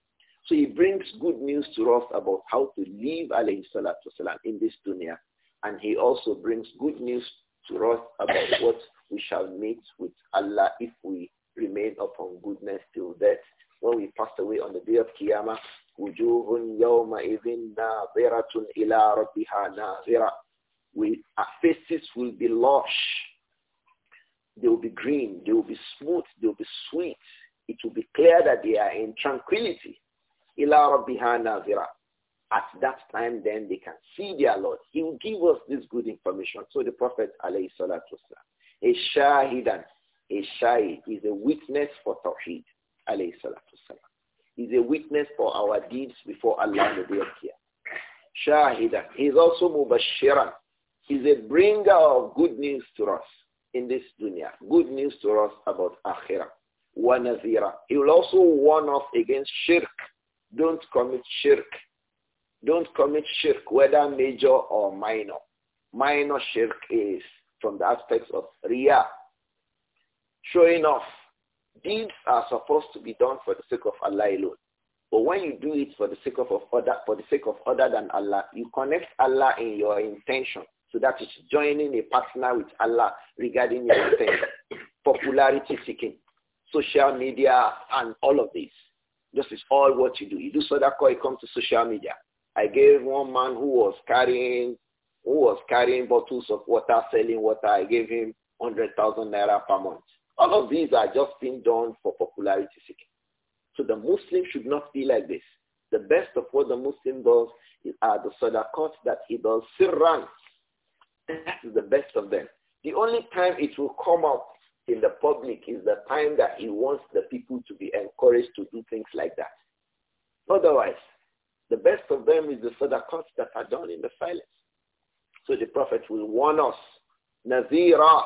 So he brings good news to us about how to live alayhi salatu wasalam in this dunya. And he also brings good news to us about (coughs) what we shall meet with Allah if we remain upon goodness till death. When we pass away on the day of Qiyamah, وجوه يومئذ ناظرة إلى ربها ناظرة our faces will be lush. They will be green. They will be smooth. They will be sweet. It will be clear that they are in tranquility. Ila Rabbiha Nazira. At that time, then they can see their Lord. He will give us this good information. So the Prophet, alayhi salatu a shahidan, a shahid is a witness for Tawheed, alayhi salatu wasalam is a witness for our deeds before Allah the Day of Qiyamah. Shahida. He is also Mubashira. He is a bringer of good news to us in this dunya. Good news to us about Akhirah. Wa Nazira. He will also warn us against shirk. Don't commit shirk. Don't commit shirk, whether major or minor. Minor shirk is from the aspects of riyah, showing off Deeds are supposed to be done for the sake of Allah alone. But when you do it for the sake of, of other, for the sake of other than Allah, you connect Allah in your intention. So that is joining a partner with Allah regarding your intention. (coughs) Popularity seeking, social media, and all of this. This is all what you do. You do so call. you come to social media. I gave one man who was carrying who was carrying bottles of water, selling water. I gave him 100,000 naira per month. All of these are just being done for popularity seeking. So the Muslim should not be like this. The best of what the Muslim does is, are the sadaqat that he does sirran. That is the best of them. The only time it will come up in the public is the time that he wants the people to be encouraged to do things like that. Otherwise, the best of them is the sadaqat that are done in the silence. So the Prophet will warn us, Nazira,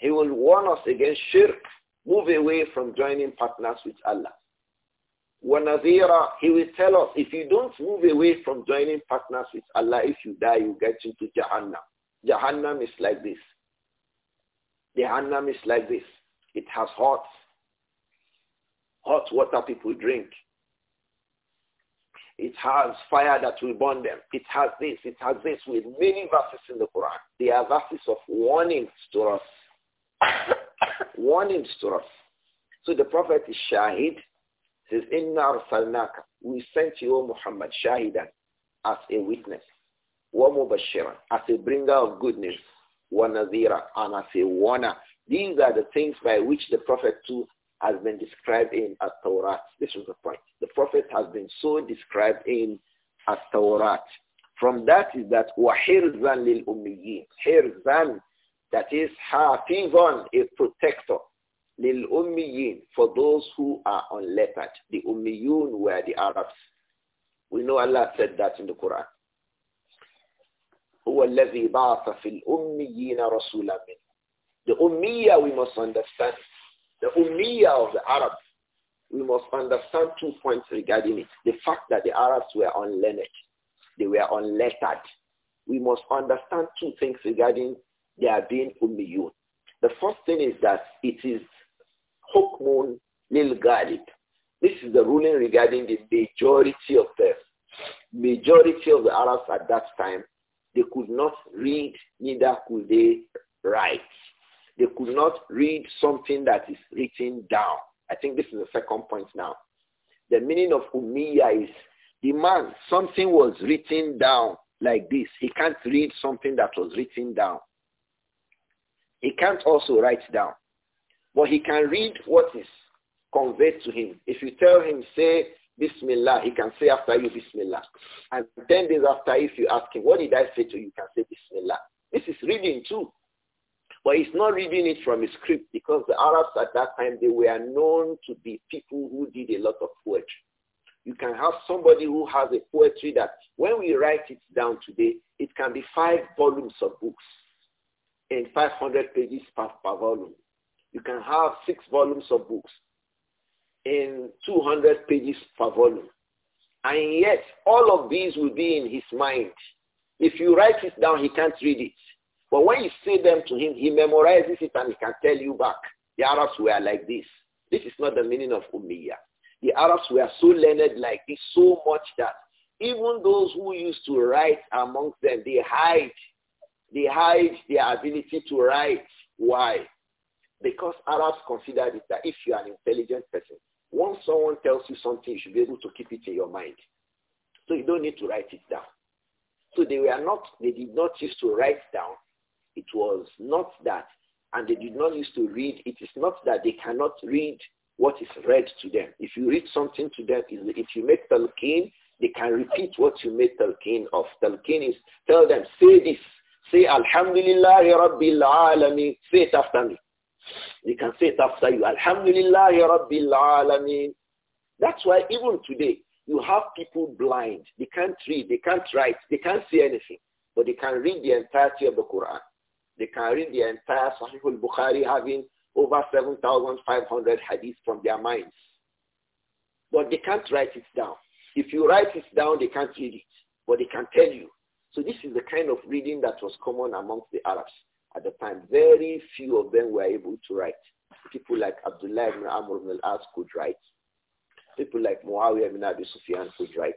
he will warn us against shirk. Move away from joining partners with Allah. وَنَذِيرًا He will tell us, if you don't move away from joining partners with Allah, if you die, you get into Jahannam. Jahannam is like this. Jahannam is like this. It has hot, hot water people drink. It has fire that will burn them. It has this, it has this, with many verses in the Quran. They are verses of warnings to us. (coughs) warning to us. So the Prophet is Shahid. says, Inna arsalnaka. We sent you, O Muhammad, Shahidan, as a witness. Wa mubashiran, as a bringer of goodness, Wa nazira, and as a warner. These are the things by which the Prophet too has been described in At-Tawrat. This was the point. The Prophet has been so described in At-Tawrat. From that is that وَحِرْزًا لِلْأُمِّيِّينَ Hirzan that is hafizan, a protector. Lil ummiyin, for those who are unlettered. The ummiyun were the Arabs. We know Allah said that in the Quran. هو الذي بعث في الأميين رسولا منه. The Ummiya we must understand. The Ummiya of the Arabs. We must understand two points regarding it. The fact that the Arabs were unlearned. They were unlettered. We must understand two things regarding they are being ummiyun. The first thing is that it is hukmun lil ghalib. This is the ruling regarding the majority of them. Majority of the Arabs at that time, they could not read, neither could they write. They could not read something that is written down. I think this is the second point now. The meaning of umiya is the man, something was written down like this. He can't read something that was written down. He can't also write down. But he can read what is conveyed to him. If you tell him, say, Bismillah, he can say after you, Bismillah. And 10 days after, if you ask him, what did I say to you, you can say, Bismillah. This is reading too. But he's not reading it from a script because the Arabs at that time, they were known to be people who did a lot of poetry. You can have somebody who has a poetry that when we write it down today, it can be five volumes of books in 500 pages per, per volume. You can have six volumes of books in 200 pages per volume. And yet, all of these will be in his mind. If you write it down, he can't read it. But when you say them to him, he memorizes it and he can tell you back. The Arabs were like this. This is not the meaning of Umayyah. The Arabs were so learned like this so much that even those who used to write amongst them, they hide they hide their ability to write. Why? Because Arabs consider it that if you are an intelligent person, once someone tells you something, you should be able to keep it in your mind. So you don't need to write it down. So they were not, they did not used to write down. It was not that, and they did not used to read. It is not that they cannot read what is read to them. If you read something to them, if you make talqin, they can repeat what you made talqin of. Talqin is tell them, say this. Say Alhamdulillah Rabbil Alameen. Say it after me. You can say it after you. Alhamdulillah Rabbil Alameen. That's why even today you have people blind. They can't read, they can't write, they can't see anything. But they can read the entirety of the Quran. They can read the entire Sahih al-Bukhari having over 7,500 hadiths from their minds. But they can't write it down. If you write it down, they can't read it. But they can tell you. So this is the kind of reading that was common amongst the Arabs at the time. Very few of them were able to write. People like Abdullah ibn Amr ibn al-As could write. People like Muawiyah ibn Abi Sufyan could write.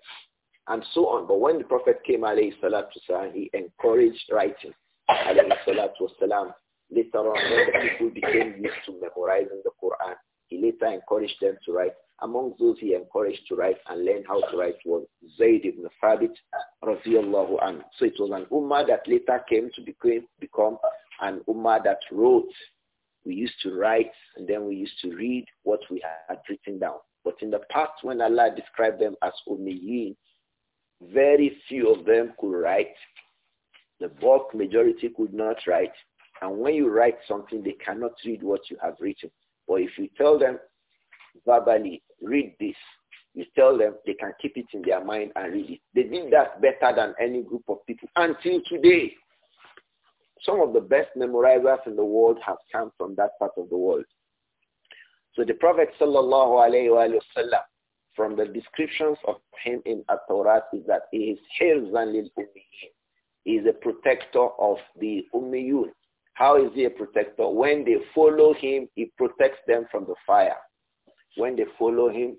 And so on. But when the Prophet came, alayhi salatu he encouraged writing, alayhi salatu Later on, when the people became used to memorizing the Quran, he later encouraged them to write among those he encouraged to write and learn how to write was Zayd ibn Thabit radiallahu anhu. So it was an ummah that later came to become, become an ummah that wrote. We used to write and then we used to read what we had written down. But in the past when Allah described them as ummiyin, very few of them could write. The bulk majority could not write. And when you write something, they cannot read what you have written. But if you tell them verbally, read this. You tell them they can keep it in their mind and read it. They did that better than any group of people until today. Some of the best memorizers in the world have come from that part of the world. So the Prophet sallallahu alayhi wasallam, from the descriptions of him in At-Tawrat is that he is hirzan lil ummiyin. He is a protector of the ummiyun. How is he a protector? When they follow him, he protects them from the fire. When they follow him,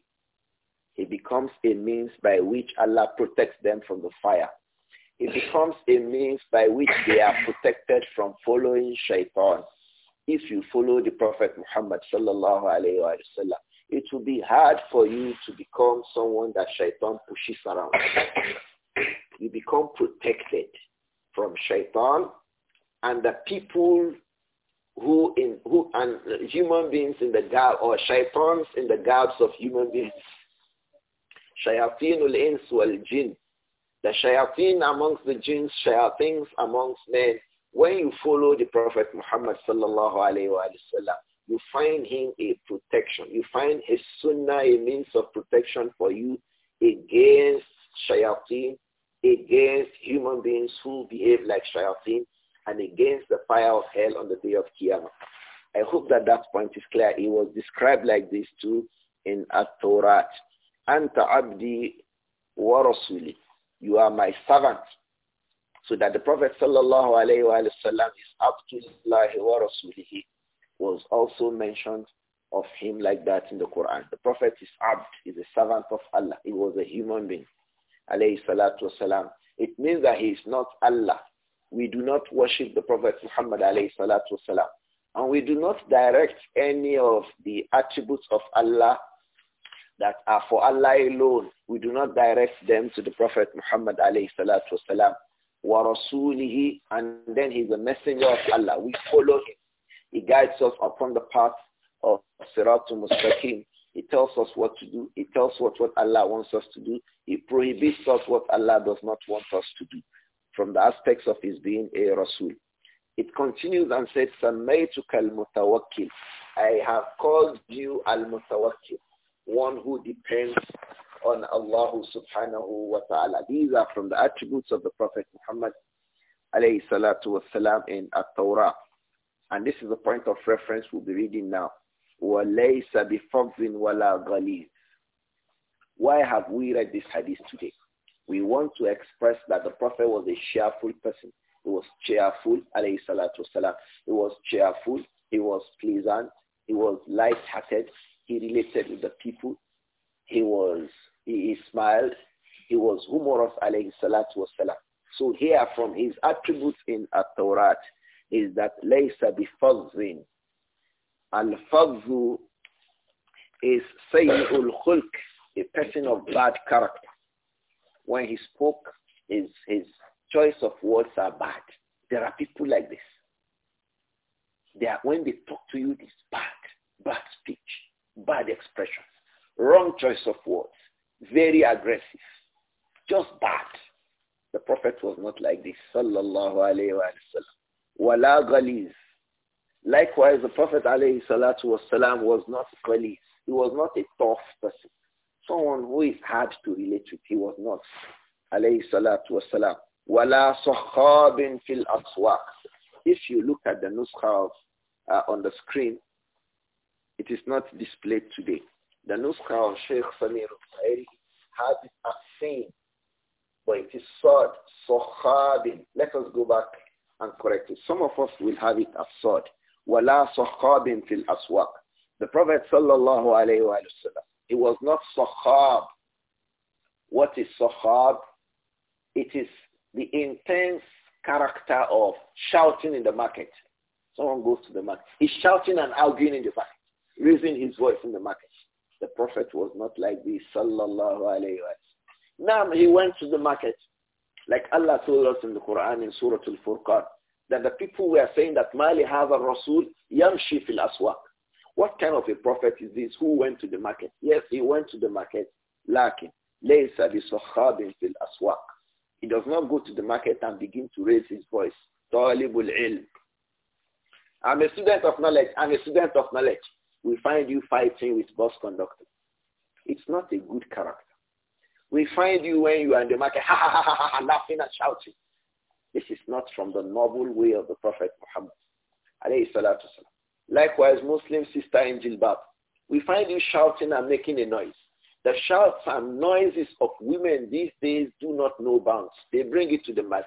he becomes a means by which Allah protects them from the fire. It becomes a means by which they are protected from following shaitan. If you follow the Prophet Muhammad sallallahu alayhi wa sallam, it will be hard for you to become someone that shaitan pushes around. You become protected from shaitan and the people who in who and human beings in the garb or shaitans in the garbs of human beings. Shayatinul ins wal jinn. The shayatin amongst the jinns, shayatins amongst men. When you follow the Prophet Muhammad sallallahu alaihi wasallam, you find him a protection. You find his sunnah a means of protection for you against shayatin, against human beings who behave like shayateen, and against the fire of hell on the day of Qiyamah. I hope that that point is clear. It was described like this too in At-Tawrat. Anta abdi wa rasuli. You are my servant. So that the Prophet sallallahu alayhi wa sallam is Abdullahi wa rasulihi was also mentioned of him like that in the Quran. The Prophet is Abd, is a servant of Allah. He was a human being. Alayhi salatu wasalam. It means that he is not Allah. We do not worship the Prophet Muhammad alayhi And we do not direct any of the attributes of Allah that are for Allah alone. We do not direct them to the Prophet Muhammad alayhi وَرَسُولِهِ And then he's a messenger of Allah. We follow him. He guides us upon the path of Siratul Mustaqim. He tells us what to do. He tells us what Allah wants us to do. He prohibits us what Allah does not want us to do from the aspects of his being a Rasul. It continues and says, سَمَّيْتُكَ الْمُتَوَكِّلِ I have called you al-mutawakkil, one who depends on Allah subhanahu wa ta'ala. These are from the attributes of the Prophet Muhammad alayhi salatu wasalam in At-Tawrah. And this is the point of reference we'll be reading now. وَلَيْسَ بِفَضٍ وَلَا غَلِيظٍ Why have we read this hadith today? We want to express that the Prophet was a cheerful person. He was cheerful, alayhi salatu wasalam. He was cheerful. He was pleasant. He was light-hearted. He related with the people. He was, he, he smiled. He was humorous, alayhi salatu wasalam. So here from his attributes in At-Tawrat is that laysa bifazrin. Al-fazru is sayyul khulk, a person of bad character when he spoke, his, his choice of words are bad. There are people like this. They are, when they talk to you, it's bad, bad speech, bad expressions, wrong choice of words, very aggressive, just bad. The Prophet was not like this. Sallallahu alayhi wa sallam. Wala ghaliz. Likewise, the Prophet alayhi salatu was not ghaliz. He was not a tough person someone who is hard to relate with. He was not. Alayhi salatu wasalam. Wala sahabin fil aswaq. If you look at the nuskha of, uh, on the screen, it is not displayed today. The nuskha of Sheikh Samir al has it as seen, but it is sad, sahabin. Let us go back and correct it. Some of us will have it as sad. Wala sahabin fil aswaq. The Prophet sallallahu alayhi wa sallam it was not sahab. What is sahab? It is the intense character of shouting in the market. Someone goes to the market. He's shouting and arguing in the market, raising his voice in the market. The Prophet was not like this, sallallahu alayhi wa Now he went to the market. Like Allah told us in the Quran in Surah Al-Furqan, that the people were saying that Mali has a Rasul yamshi fil aswa. What kind of a prophet is this who went to the market? Yes, he went to the market. Lakin, fil aswaq. He does not go to the market and begin to raise his voice. Talibul ilm. I'm a student of knowledge. I'm a student of knowledge. We find you fighting with bus conductor. It's not a good character. We find you when you are in the market, ha ha ha ha, laughing and shouting. This is not from the noble way of the Prophet Muhammad. Alayhi salatu salam. Likewise, Muslim sister in jilbab. We find you shouting and making a noise. The shouts and noises of women these days do not know bounds. They bring it to the masjid.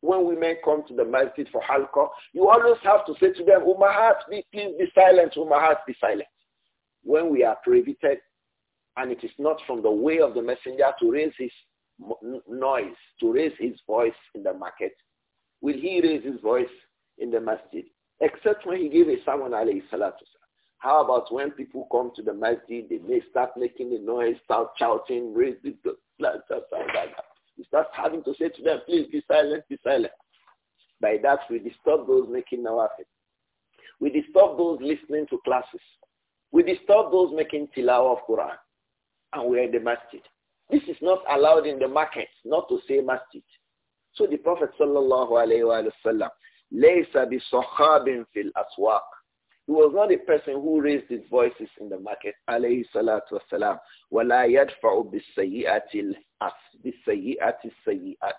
When women come to the masjid for halqa, you always have to say to them, Umahat, be, please be silent. Umahat, be silent. When we are prohibited, and it is not from the way of the messenger to raise his noise, to raise his voice in the market, will he raise his voice in the masjid? Except when he gave a sermon, alayhi salatu How about when people come to the masjid, they may start making a noise, start shouting, raise the flag, You start having to say to them, please be silent, be silent. By that, we disturb those making nawafil. We disturb those listening to classes. We disturb those making tilawah of Quran. And we are in the masjid. This is not allowed in the market, not to say masjid. So the Prophet sallallahu alayhi wasallam. Laysa bisakhabin fil aswaq. He was not a person who raised his voices in the market. Alayhi salatu wasalam. وَلَا يَدْفَعُ بِالسَّيِّئَةِ السَّيِّئَةَ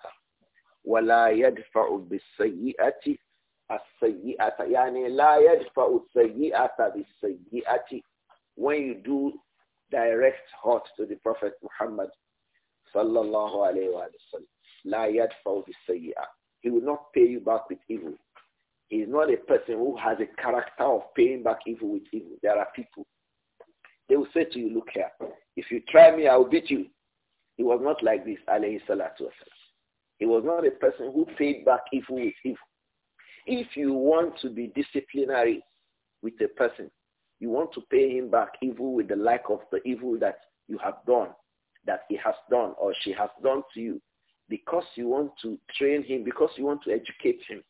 وَلَا يَدْفَعُ بِالسَّيِّئَةِ السَّيِّئَةَ يعني لا يدفع السيئة بِالسَّيِّئَةِ When you do direct hurt to the Prophet Muhammad sallallahu alayhi wa sallam. لا يدفع بالسيئة he will not pay you back with evil. He is not a person who has a character of paying back evil with evil. There are people. They will say to you, look here, if you try me, I will beat you. He was not like this, alayhi salatu wasalam. He was not a person who paid back evil with evil. If you want to be disciplinary with a person, you want to pay him back evil with the like of the evil that you have done, that he has done or she has done to you, because you want to train him, because you want to educate him,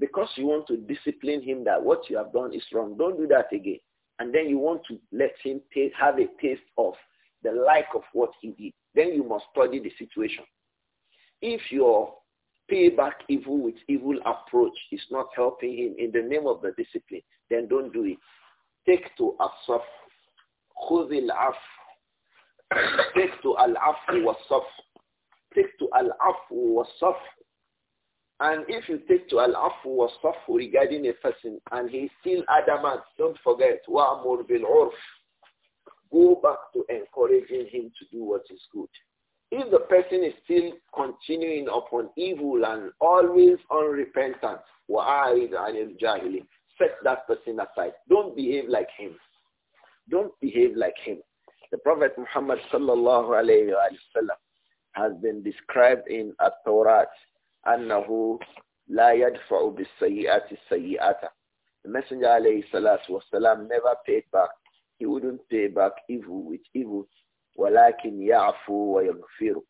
because you want to discipline him that what you have done is wrong. Don't do that again. And then you want to let him taste, have a taste of the like of what he did. Then you must study the situation. If your pay back evil with evil approach is not helping him in the name of the discipline, then don't do it. Take to asaf, khudh al take to al-af wa safh take to al-afu wa and if you take to al-afu wa regarding a person and he still adamant, don't forget, wa'amur bil urf, go back to encouraging him to do what is good. If the person is still continuing upon evil and always unrepentant, wa'arid anil jahili, set that person aside. Don't behave like him. Don't behave like him. The Prophet Muhammad sallallahu alayhi wa sallam, has been described in At-Tawrat, la yadfau يدفع بالسيئات السيئات. The Messenger alayhi salatu salam never paid back. He wouldn't pay back evil with evil. yafu wa ويغفر.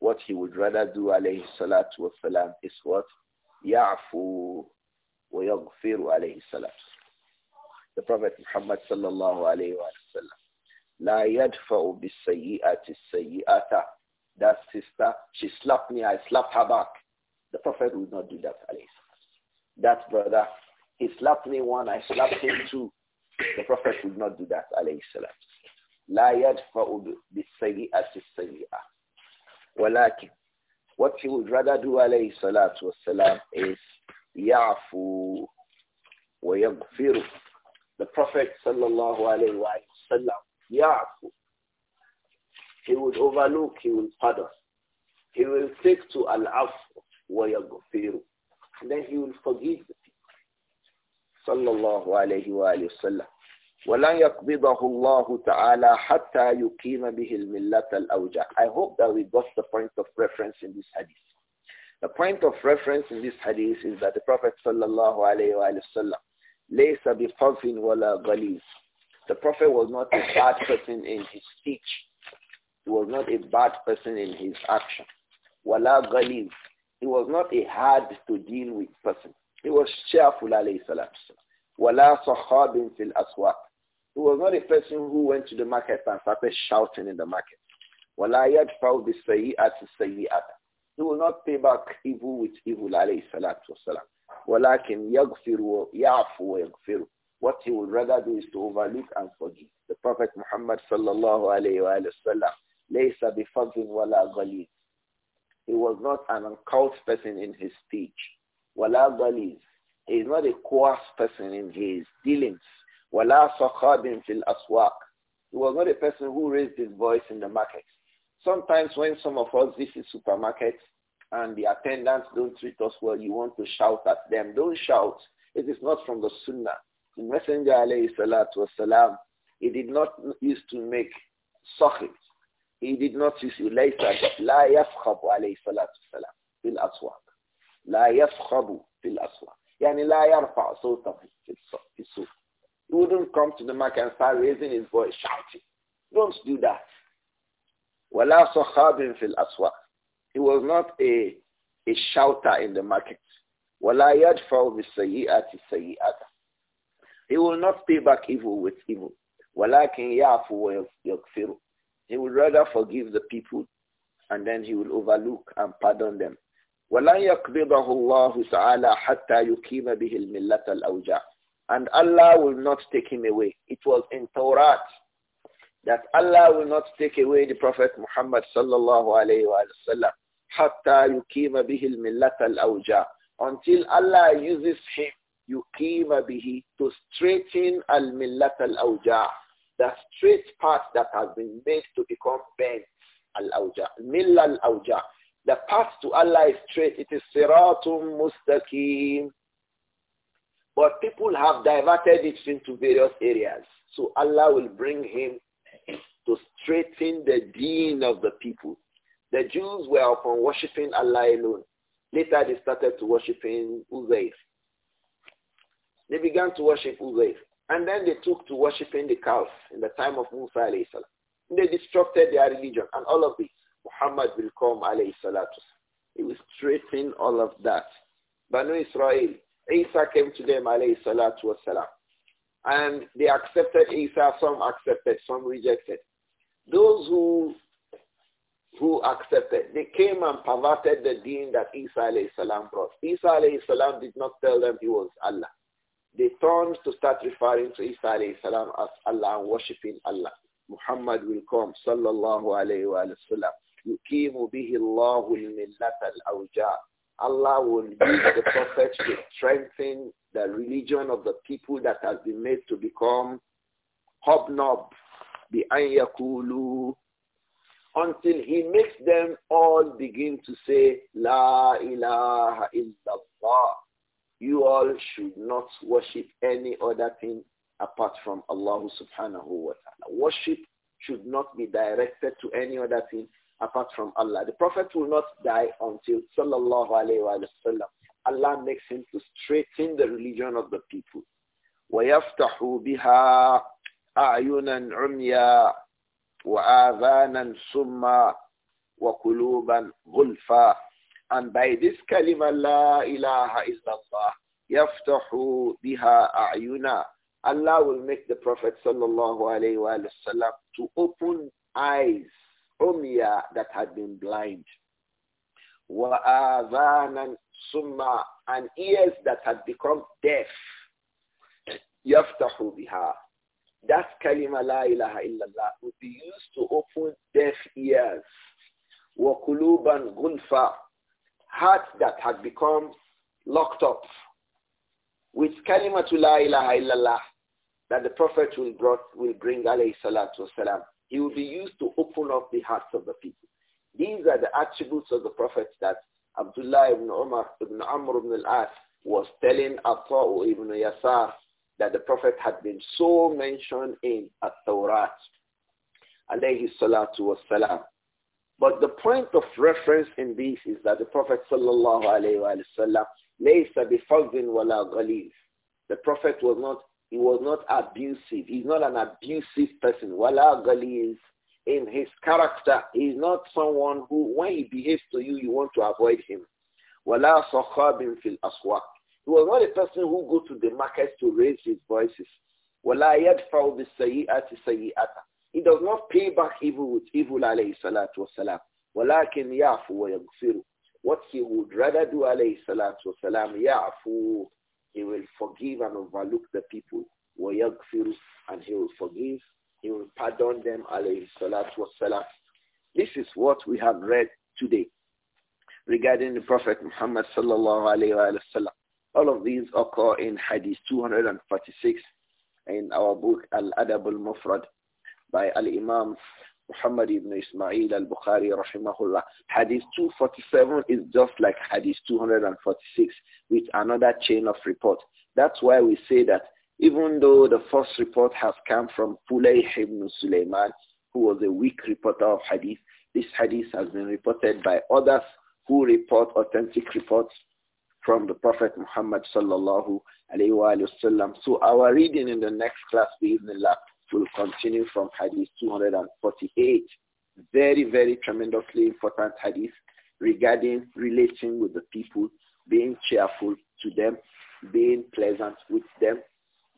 What he would rather do alayhi salatu wasalam is what? يعفو ويغفر عليه السلام. The Prophet Muhammad sallallahu alayhi wa sallam. لا يدفع بالسيئات السيئات that sister, she slapped me, I slapped her back. The Prophet would not do that, alayhi That brother, he slapped me one, I slapped him two. The Prophet would not do that, alayhi what he would rather do alayhi salatu wasalam is wa ويغفر the prophet sallallahu alayhi wa sallam يعفو he will overlook, he will pardon. He will take to Al-Af wa yagfiru. Then he will forgive the people. Sallallahu alayhi wa alayhi wa sallam. ولن يقبضه الله تعالى حتى يقيم به الملة الأوجع. I hope that we got the point of reference in this hadith. The point of reference in this hadith is that the Prophet sallallahu alayhi wa sallam ليس بفظ ولا غليظ. The Prophet was not a bad person in his speech he was not a bad person in his action. Wala ghalib. He was not a hard to deal with person. He was cheerful, alayhi salatu Wala sahabin fil aswaq. He was not a person who went to the market and started shouting in the market. Wala yadfa'u bisayi'at sayi'at. He will not pay back evil with evil, alayhi salatu wasalam. Walakin yagfiru ya'fu wa yagfiru. What he would rather do is to overlook and forgive. The Prophet Muhammad sallallahu alayhi wa sallam Laysa bifagin wala ghalid. He was not an uncouth person in his speech. Wala ghalid. He is not a coarse person in his dealings. Wala sakhabin fil aswaq. He was not a person who raised his voice in the market. Sometimes when some of us visit supermarkets and the attendants don't treat us well, you want to shout at them. Don't shout. It is not from the sunnah. The Messenger alayhi salatu wasalam, he did not used to make sakhi. He did not use laysa, but la yafkhabu alayhi salatu salam fil aswaq. La yafkhabu fil aswaq. Yani la yarfa sawtahu fil suq. He wouldn't come to the market and start raising his voice, shouting. Don't do that. Wala sokhabin fil aswaq. He was not a, a shouter in the market. Wala yadfa'u bisayi'ati sayi'ata. He will not pay back evil with evil. ولكن يعفو ويغفر he will rather forgive the people and then he will overlook and pardon them. وَلَنْ يَقْبِضَهُ اللَّهُ تَعَالَى حَتَّى بِهِ الْمِلَّةَ And Allah will not take him away. It was in Torah that Allah will not take away the Prophet Muhammad sallallahu alayhi wa sallam حَتَّى يُكِيمَ بِهِ الْمِلَّةَ الْأُوْجَى Until Allah uses him, يُكِيمَ بِهِ to straighten al-millat al-awja' the straight path that has been made to become bent. Al-awja. Millal awja. The path to Allah is straight. It is siratum mustaqim. But people have diverted it into various areas. So Allah will bring him to straighten the deen of the people. The Jews were upon worshipping Allah alone. Later they started to worship Uzair. They began to worship Uzair. And then they took to worshipping the calf in the time of Musa alayhi salam. They disrupted their religion and all of this. Muhammad will come alayhi salatu. He will straighten all of that. Banu Israel, Isa came to them alayhi salatu wasalam. And they accepted Isa, some accepted, some rejected. Those who who accepted. They came and perverted the deen that Isa alayhi salam brought. Isa alayhi salam did not tell them he was Allah they turned to start referring to Isa alayhi salam as Allah and worshipping Allah. Muhammad will come, sallallahu alayhi wa sallam. يُقِيمُ بِهِ اللَّهُ الْمِلَّةَ الْأَوْجَاءَ Allah will use the prophet to strengthen the religion of the people that has been made to become hobnob, بِأَنْ يَقُولُوا until he makes them all begin to say, La ilaha illallah you all should not worship any other thing apart from Allah subhanahu wa ta'ala. Worship should not be directed to any other thing apart from Allah. The Prophet will not die until sallallahu alayhi wa sallam. Allah makes him to straighten the religion of the people. وَيَفْتَحُ بِهَا أَعْيُنًا عُمْيَا وَآذَانًا سُمَّا وَقُلُوبًا غُلْفًا and by this kalima, la ilaha illallah, yaftahu biha a'yuna. Allah will make the Prophet sallallahu alayhi wa sallam to open eyes, umya, that had been blind. Wa adhanan summa, and ears that had become deaf. Yaftahu biha. That kalima la ilaha illallah would be used to open deaf ears. Wa kuluban gunfa heart that had become locked up with kalimatu la ilaha illallah that the Prophet will, brought, will bring alayhi salatu wasalam. He will be used to open up the hearts of the people. These are the attributes of the Prophet that Abdullah ibn Umar ibn Amr ibn al-As was telling Atta'u ibn Yasar that the Prophet had been so mentioned in At-Tawrat alayhi salatu wasalam. But the point of reference in this is that the Prophet sallallahu alayhi wa sallam laysa bifazin wala ghalif. The Prophet was not, he was not abusive. He's not an abusive person. Wala ghalif. In his character, he's not someone who, when he behaves to you, you want to avoid him. Wala sakhabin fil aswaq. He was not a person who go to the market to raise his voices. وَلَا يَدْفَعُ بِالسَّيِّئَةِ سَيِّئَةً he does not pay back evil with evil, alayhi salatu wasalam. وَلَكِنْ يَعْفُ وَيَغْفِرُ What he would rather do, alayhi salatu wasalam, يَعْفُ He will forgive and overlook the people. وَيَغْفِرُ And he will forgive, he will pardon them, alayhi salatu wasalam. This is what we have read today regarding the Prophet Muhammad sallallahu alayhi wa sallam. All of these occur in Hadith 246 in our book Al-Adab al-Mufrad by Al-Imam Muhammad ibn Ismail al-Bukhari rahimahullah. Hadith 247 is just like Hadith 246 with another chain of report. That's why we say that even though the first report has come from Fulayh ibn Sulaiman, who was a weak reporter of Hadith, this Hadith has been reported by others who report authentic reports from the Prophet Muhammad sallallahu alayhi wa sallam. So our reading in the next class, Bismillah. We'll continue from Hadith 248. Very, very tremendously important Hadith regarding relating with the people, being cheerful to them, being pleasant with them,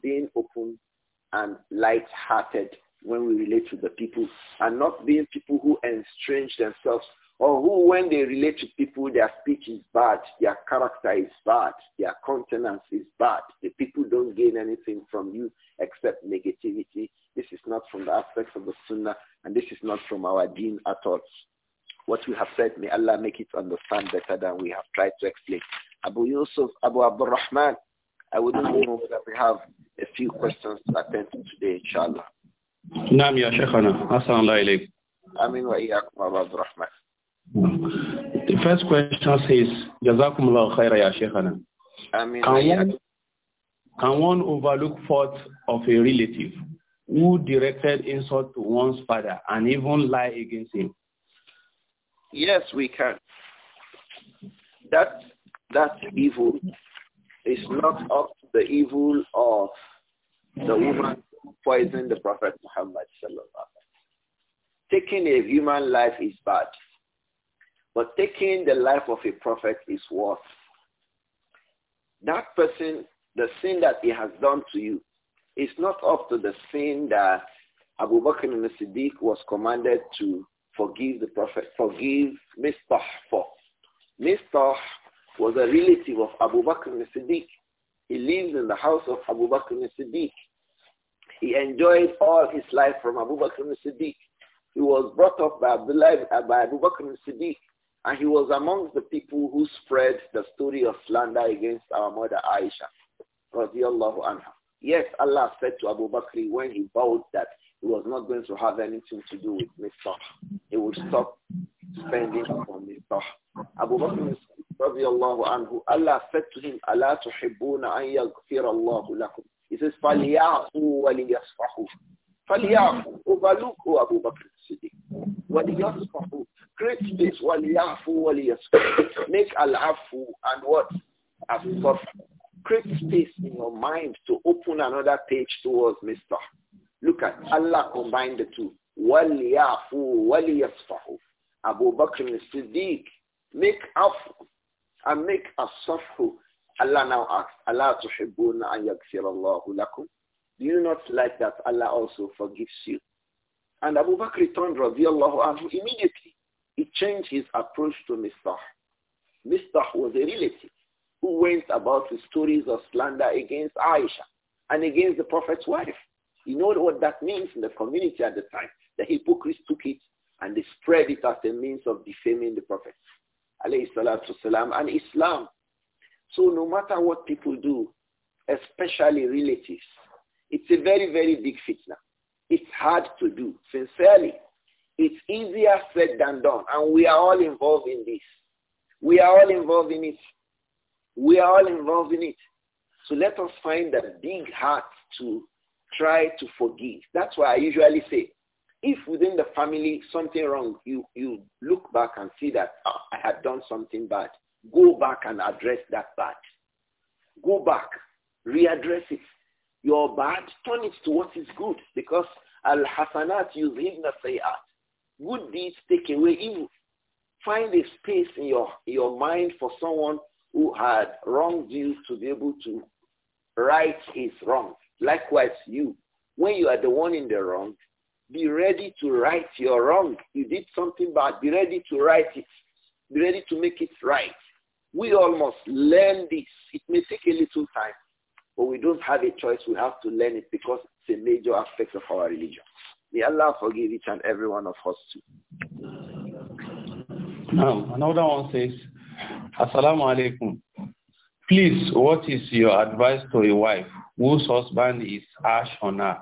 being open and light-hearted when we relate to the people, and not being people who estrange themselves or who, when they relate to people, their speech is bad, their character is bad, their countenance is bad. The people don't gain anything from you except negativity. This is not from the aspects of the Sunnah, and this is not from our deen at all. What we have said, may Allah make it understand better than we have tried to explain. Abu Yusuf, Abu Abdul Rahman, I would know that we have a few questions to attend to today, inshallah. نعم يا شيخنا أسأل الله إليك آمين the first question says, Jazakumullah khaira ya Sheikhana. Can one, can one overlook fault of a relative who directed insult to one's father and even lie against him? Yes, we can. That, that evil is not of the evil of the woman who poisoned the Prophet Muhammad. Taking a human life is bad. But taking the life of a prophet is worth. That person, the sin that he has done to you, is not up to the sin that Abu Bakr al-Siddiq was commanded to forgive the prophet, forgive Mistah for. Mistah was a relative of Abu Bakr al-Siddiq. He lived in the house of Abu Bakr al-Siddiq. He enjoyed all his life from Abu Bakr al-Siddiq. He was brought up by, Abdullah, by Abu Bakr al-Siddiq. And he was amongst the people who spread the story of slander against our mother Aisha, anha. Yes, Allah said to Abu Bakr when he vowed that he was not going to have anything to do with Mr. He would stop spending on Mr. Abu Bakr radiallahu Allah said to him, أَلَا تُحِبُّونَ أَن يَغْفِرَ اللَّهُ لَكُمْ He says, فليعفو وَلِيَصْفَحُوا فليعفو Overlook, O Abu Bakr Siddiq. وَلِيَصْفَحُوا Create space waliyafu waliyasku. Make al-afu and what? Asaf. Create space in your mind to open another page towards Mr. Look at Allah combined the two. Waliyafu waliyasfahu. Abu Bakr al-Siddiq. Make afu and make asafhu. Allah now asks, Allah tuhibbuna an yaghfirallahu lakum. Do you not like that Allah also forgives you? And Abu Bakr returned radiallahu anhu immediately. He changed his approach to Mistah. Mistah was a relative who went about with stories of slander against Aisha and against the Prophet's wife. You know what that means in the community at the time. The hypocrites took it and they spread it as a means of defaming the Prophet. والسلام, and Islam. So no matter what people do, especially relatives, it's a very, very big fitna. It's hard to do, sincerely. It's easier said than done. And we are all involved in this. We are all involved in it. We are all involved in it. So let us find that big heart to try to forgive. That's why I usually say, if within the family something wrong, you, you look back and see that oh, I had done something bad. Go back and address that bad. Go back, readdress it. Your bad, turn it to what is good because al-hasanat yuzhidna say'at. Good deeds take away evil. Find a space in your, your mind for someone who had wronged you to be able to right his wrong. Likewise, you, when you are the one in the wrong, be ready to right your wrong. You did something bad. Be ready to right it. Be ready to make it right. We all must learn this. It may take a little time, but we don't have a choice. We have to learn it because it's a major aspect of our religion. May Allah forgive each and every one of us too. Now, another one says, Assalamu alaikum. Please, what is your advice to a wife whose husband is harsh on her?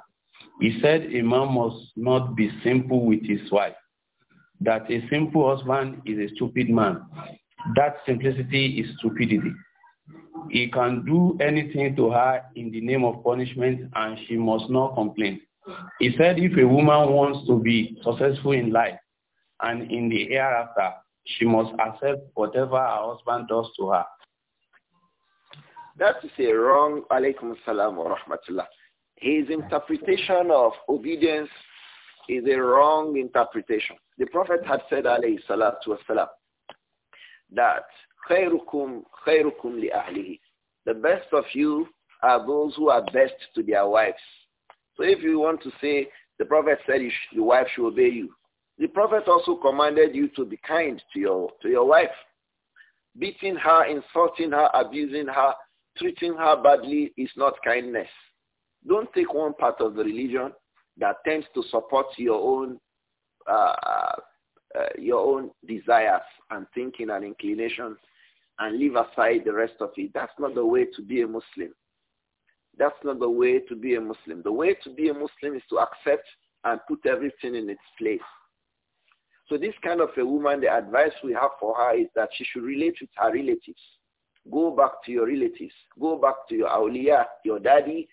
He said a man must not be simple with his wife, that a simple husband is a stupid man. That simplicity is stupidity. He can do anything to her in the name of punishment and she must not complain. He said if a woman wants to be successful in life and in the hereafter, she must accept whatever her husband does to her. That is a wrong, alaykum salam wa rahmatullah. His interpretation of obedience is a wrong interpretation. The Prophet had said, alayhi salatu salam that khairukum khairukum li ahlihi. The best of you are those who are best to their wives. So if you want to say the Prophet said you your wife should obey you, the Prophet also commanded you to be kind to your, to your wife. Beating her, insulting her, abusing her, treating her badly is not kindness. Don't take one part of the religion that tends to support your own, uh, uh, uh your own desires and thinking and inclinations and leave aside the rest of it. That's not the way to be a Muslim. That's not the way to be a Muslim. The way to be a Muslim is to accept and put everything in its place. So this kind of a woman, the advice we have for her is that she should relate with her relatives. Go back to your relatives. Go back to your awliya, your daddy,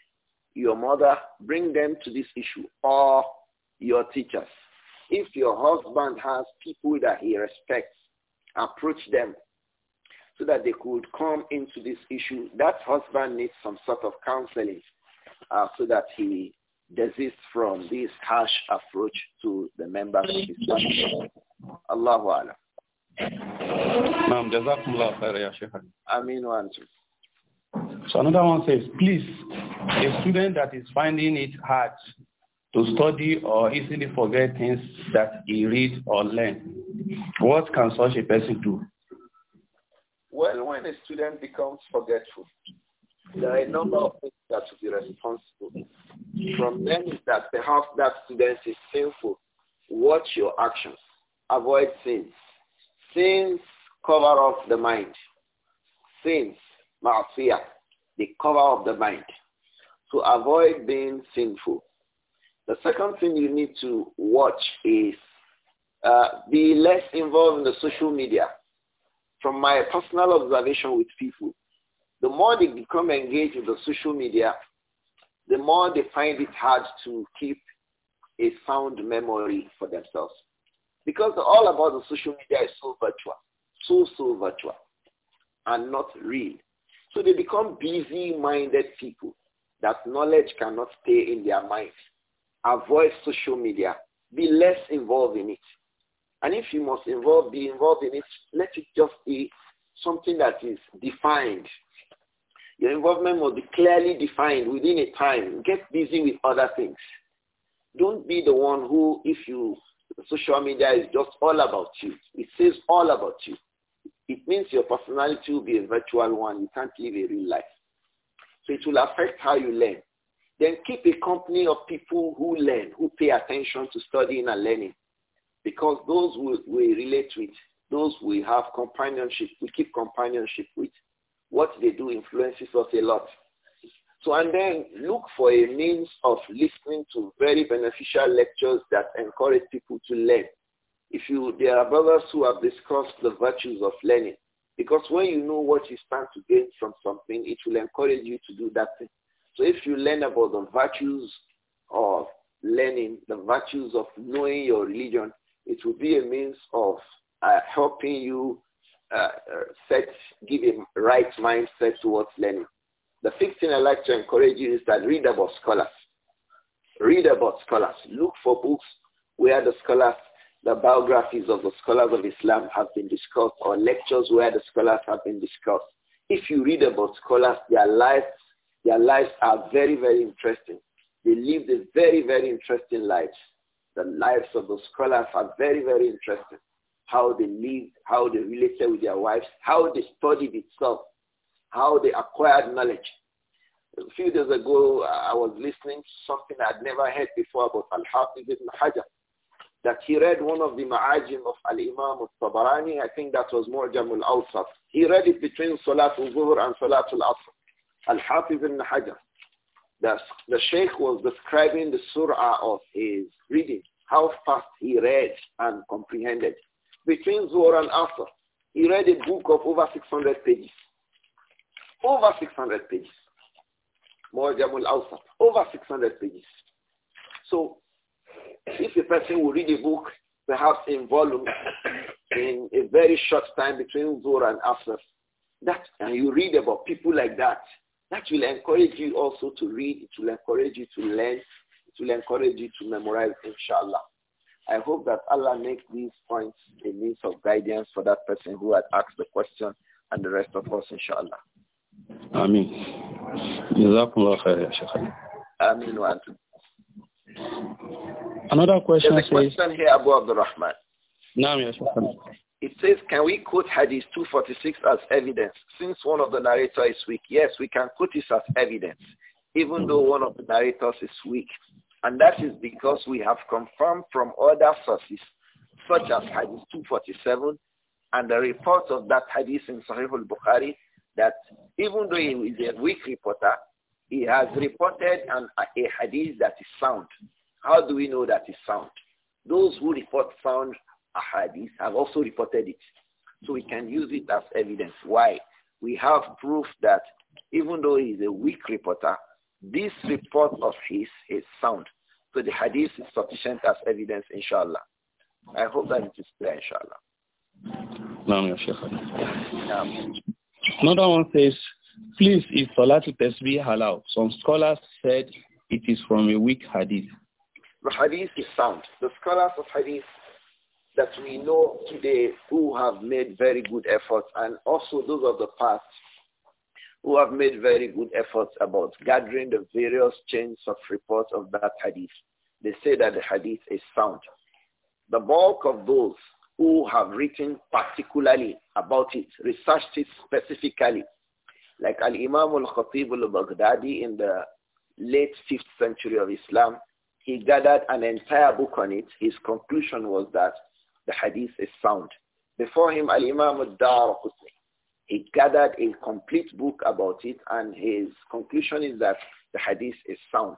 your mother. Bring them to this issue or your teachers. If your husband has people that he respects, approach them so that they could come into this issue. That husband needs some sort of counseling uh, so that he desists from this harsh approach to the members of his family. Allahu Alam. Ma'am, jazakumullah khair, Amin wa So another one says, please, a student that is finding it hard to study or easily forget things that he read or learn, what can such a person do? Well, when a student becomes forgetful, there are a number of things that should be responsible. From them is that perhaps that student is sinful. Watch your actions. Avoid sins. Sins cover up the mind. Sins, ma'asiyah, they cover up the mind. To avoid being sinful. The second thing you need to watch is uh, be less involved in the social media from my personal observation with people, the more they become engaged with the social media, the more they find it hard to keep a sound memory for themselves. Because all about the social media is so virtual, so, so virtual, and not real. So they become busy-minded people that knowledge cannot stay in their minds. Avoid social media. Be less involved in it. And if you must involve, be involved in it, let it just be something that is defined. Your involvement must be clearly defined within a time. Get busy with other things. Don't be the one who, if you, social media is just all about you. It says all about you. It means your personality will be a virtual one. You can't live a real life. So it will affect how you learn. Then keep a company of people who learn, who pay attention to studying and learning. Because those we, we relate with, those we have companionship, we keep companionship with, what they do influences us a lot. So and then look for a means of listening to very beneficial lectures that encourage people to learn. If you, there are brothers who have discussed the virtues of learning. Because when you know what you stand to gain from something, it will encourage you to do that thing. So if you learn about the virtues of learning, the virtues of knowing your religion, it will be a means of uh, helping you uh, set, give a right mindset towards learning. The fifth thing I like to encourage you is that read about scholars. Read about scholars. Look for books where the scholars, the biographies of the scholars of Islam have been discussed or lectures where the scholars have been discussed. If you read about scholars, their lives, their lives are very, very interesting. They lived a very, very interesting lives. The lives of the scholars are very, very interesting. How they lived, how they related with their wives, how they studied itself, how they acquired knowledge. A few days ago, I was listening to something I'd never heard before about Al-Hafiz ibn Hajar, that he read one of the Ma'ajim of Al-Imam al-Tabarani. I think that was Mu'jam al-Awsat. He read it between Salatul Zuhr and Salatul Asr. Al-Hafiz ibn Hajar. The, the sheikh was describing the surah of his reading, how fast he read and comprehended. Between Zuhr and Asr, he read a book of over 600 pages. Over 600 pages. Mu'jamul Awsat, over 600 pages. So if a person will read a book, perhaps in volume, in a very short time between Zuhr and Asr, that, and you read about people like that, that will encourage you also to read. It will encourage you to learn. It will encourage you to memorize, inshallah. I hope that Allah makes these points a means of guidance for that person who had asked the question and the rest of us, inshallah. Amen. Jazakumullah Another question There's a question here, Abu Abdul Rahman. Naam, it says, can we quote Hadith 246 as evidence? Since one of the narrators is weak, yes, we can quote this as evidence, even though one of the narrators is weak. And that is because we have confirmed from other sources, such as Hadith 247 and the report of that Hadith in Sahih al-Bukhari, that even though he is a weak reporter, he has reported an, a Hadith that is sound. How do we know that is sound? Those who report sound ahadith have also reported it. So we can use it as evidence. Why? We have proof that even though he's a weak reporter, this report of his is sound. So the hadith is sufficient as evidence, inshallah. I hope that it is clear, inshallah. No, Another one says, please, if Salatul Tasbih halal? Some scholars said it is from a weak hadith. The hadith is sound. The scholars of hadith that we know today who have made very good efforts and also those of the past who have made very good efforts about gathering the various chains of reports of that hadith. They say that the hadith is sound. The bulk of those who have written particularly about it, researched it specifically, like Al-Imam al-Khatib al-Baghdadi in the late 5th century of Islam, he gathered an entire book on it. His conclusion was that the hadith is sound. Before him, Al-Imam al-Darqutni, he gathered a complete book about it and his conclusion is that the hadith is sound.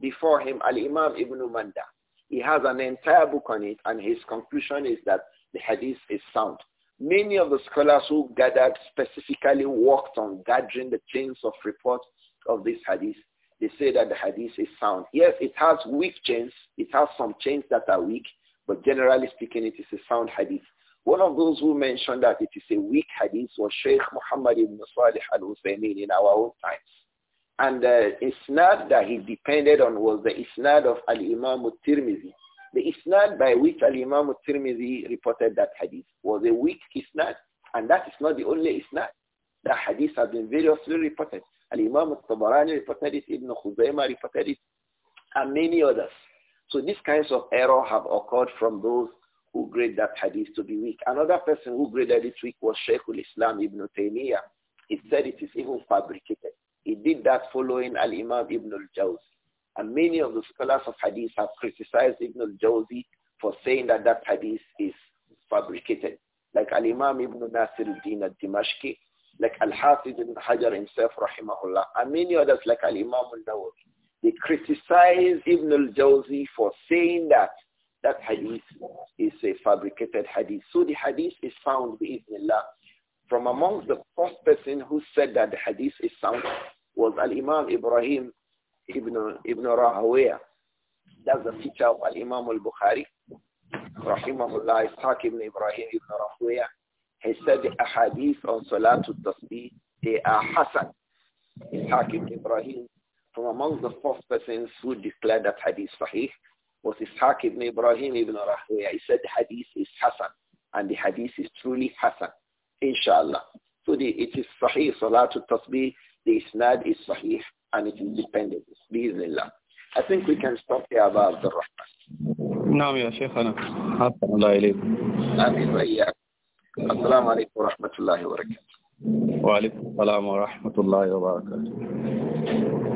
Before him, Al-Imam Ibn Manda, he has an entire book on it and his conclusion is that the hadith is sound. Many of the scholars who gathered specifically worked on gathering the chains of reports of this hadith. They say that the hadith is sound. Yes, it has weak chains. It has some chains that are weak. But generally speaking, it is a sound hadith. One of those who mentioned that it is a weak hadith was Sheikh Muhammad ibn Salih al-Husaymin in our own times. And the uh, isnad that he depended on was the isnad of Al-Imam al The isnad by which Al-Imam al reported that hadith was a weak isnad, and that is not the only isnad. The hadith has been variously reported. Al-Imam al-Tabarani reported it, Ibn Khuzaymah reported it, and many others. So these kinds of error have occurred from those who grade that hadith to be weak. Another person who graded it weak was sheik al-Islam Ibn Taymiyyah. He said it is even fabricated. He did that following Al-Imam Ibn al-Jawzi. And many of the scholars of hadith have criticized Ibn al-Jawzi for saying that that hadith is fabricated. Like Al-Imam Ibn Nasir al-Din al-Dimashqi, like Al-Hafiz Ibn Hajar himself, rahimahullah, and many others like Al-Imam al-Nawawi. They criticize Ibn al-Jawzi for saying that that hadith is a fabricated hadith. So the hadith is found Allah From amongst the first person who said that the hadith is sound was Al-Imam Ibrahim Ibn, Ibn Rahawiyah. That's the teacher of Al-Imam Al-Bukhari. Rahimahullah Ishaq Ibn Ibrahim Ibn Rahawiyah. He said the hadith on Salatul Tasbih, they are Hassan. Ishaq Ibn Ibrahim from among the first persons who declared that hadith sahih was Ishaq ibn Ibrahim ibn Rahwaya. He said the hadith is Hassan and the hadith is truly Hassan, inshallah. So the, it is sahih, salatul tasbih, the isnad is sahih and it is dependent, Bismillah. I think we can stop here about the Rahman. نعم يا شيخنا حسن الله إليك آمين وإياك السلام عليكم ورحمة الله وبركاته وعليكم السلام ورحمة الله وبركاته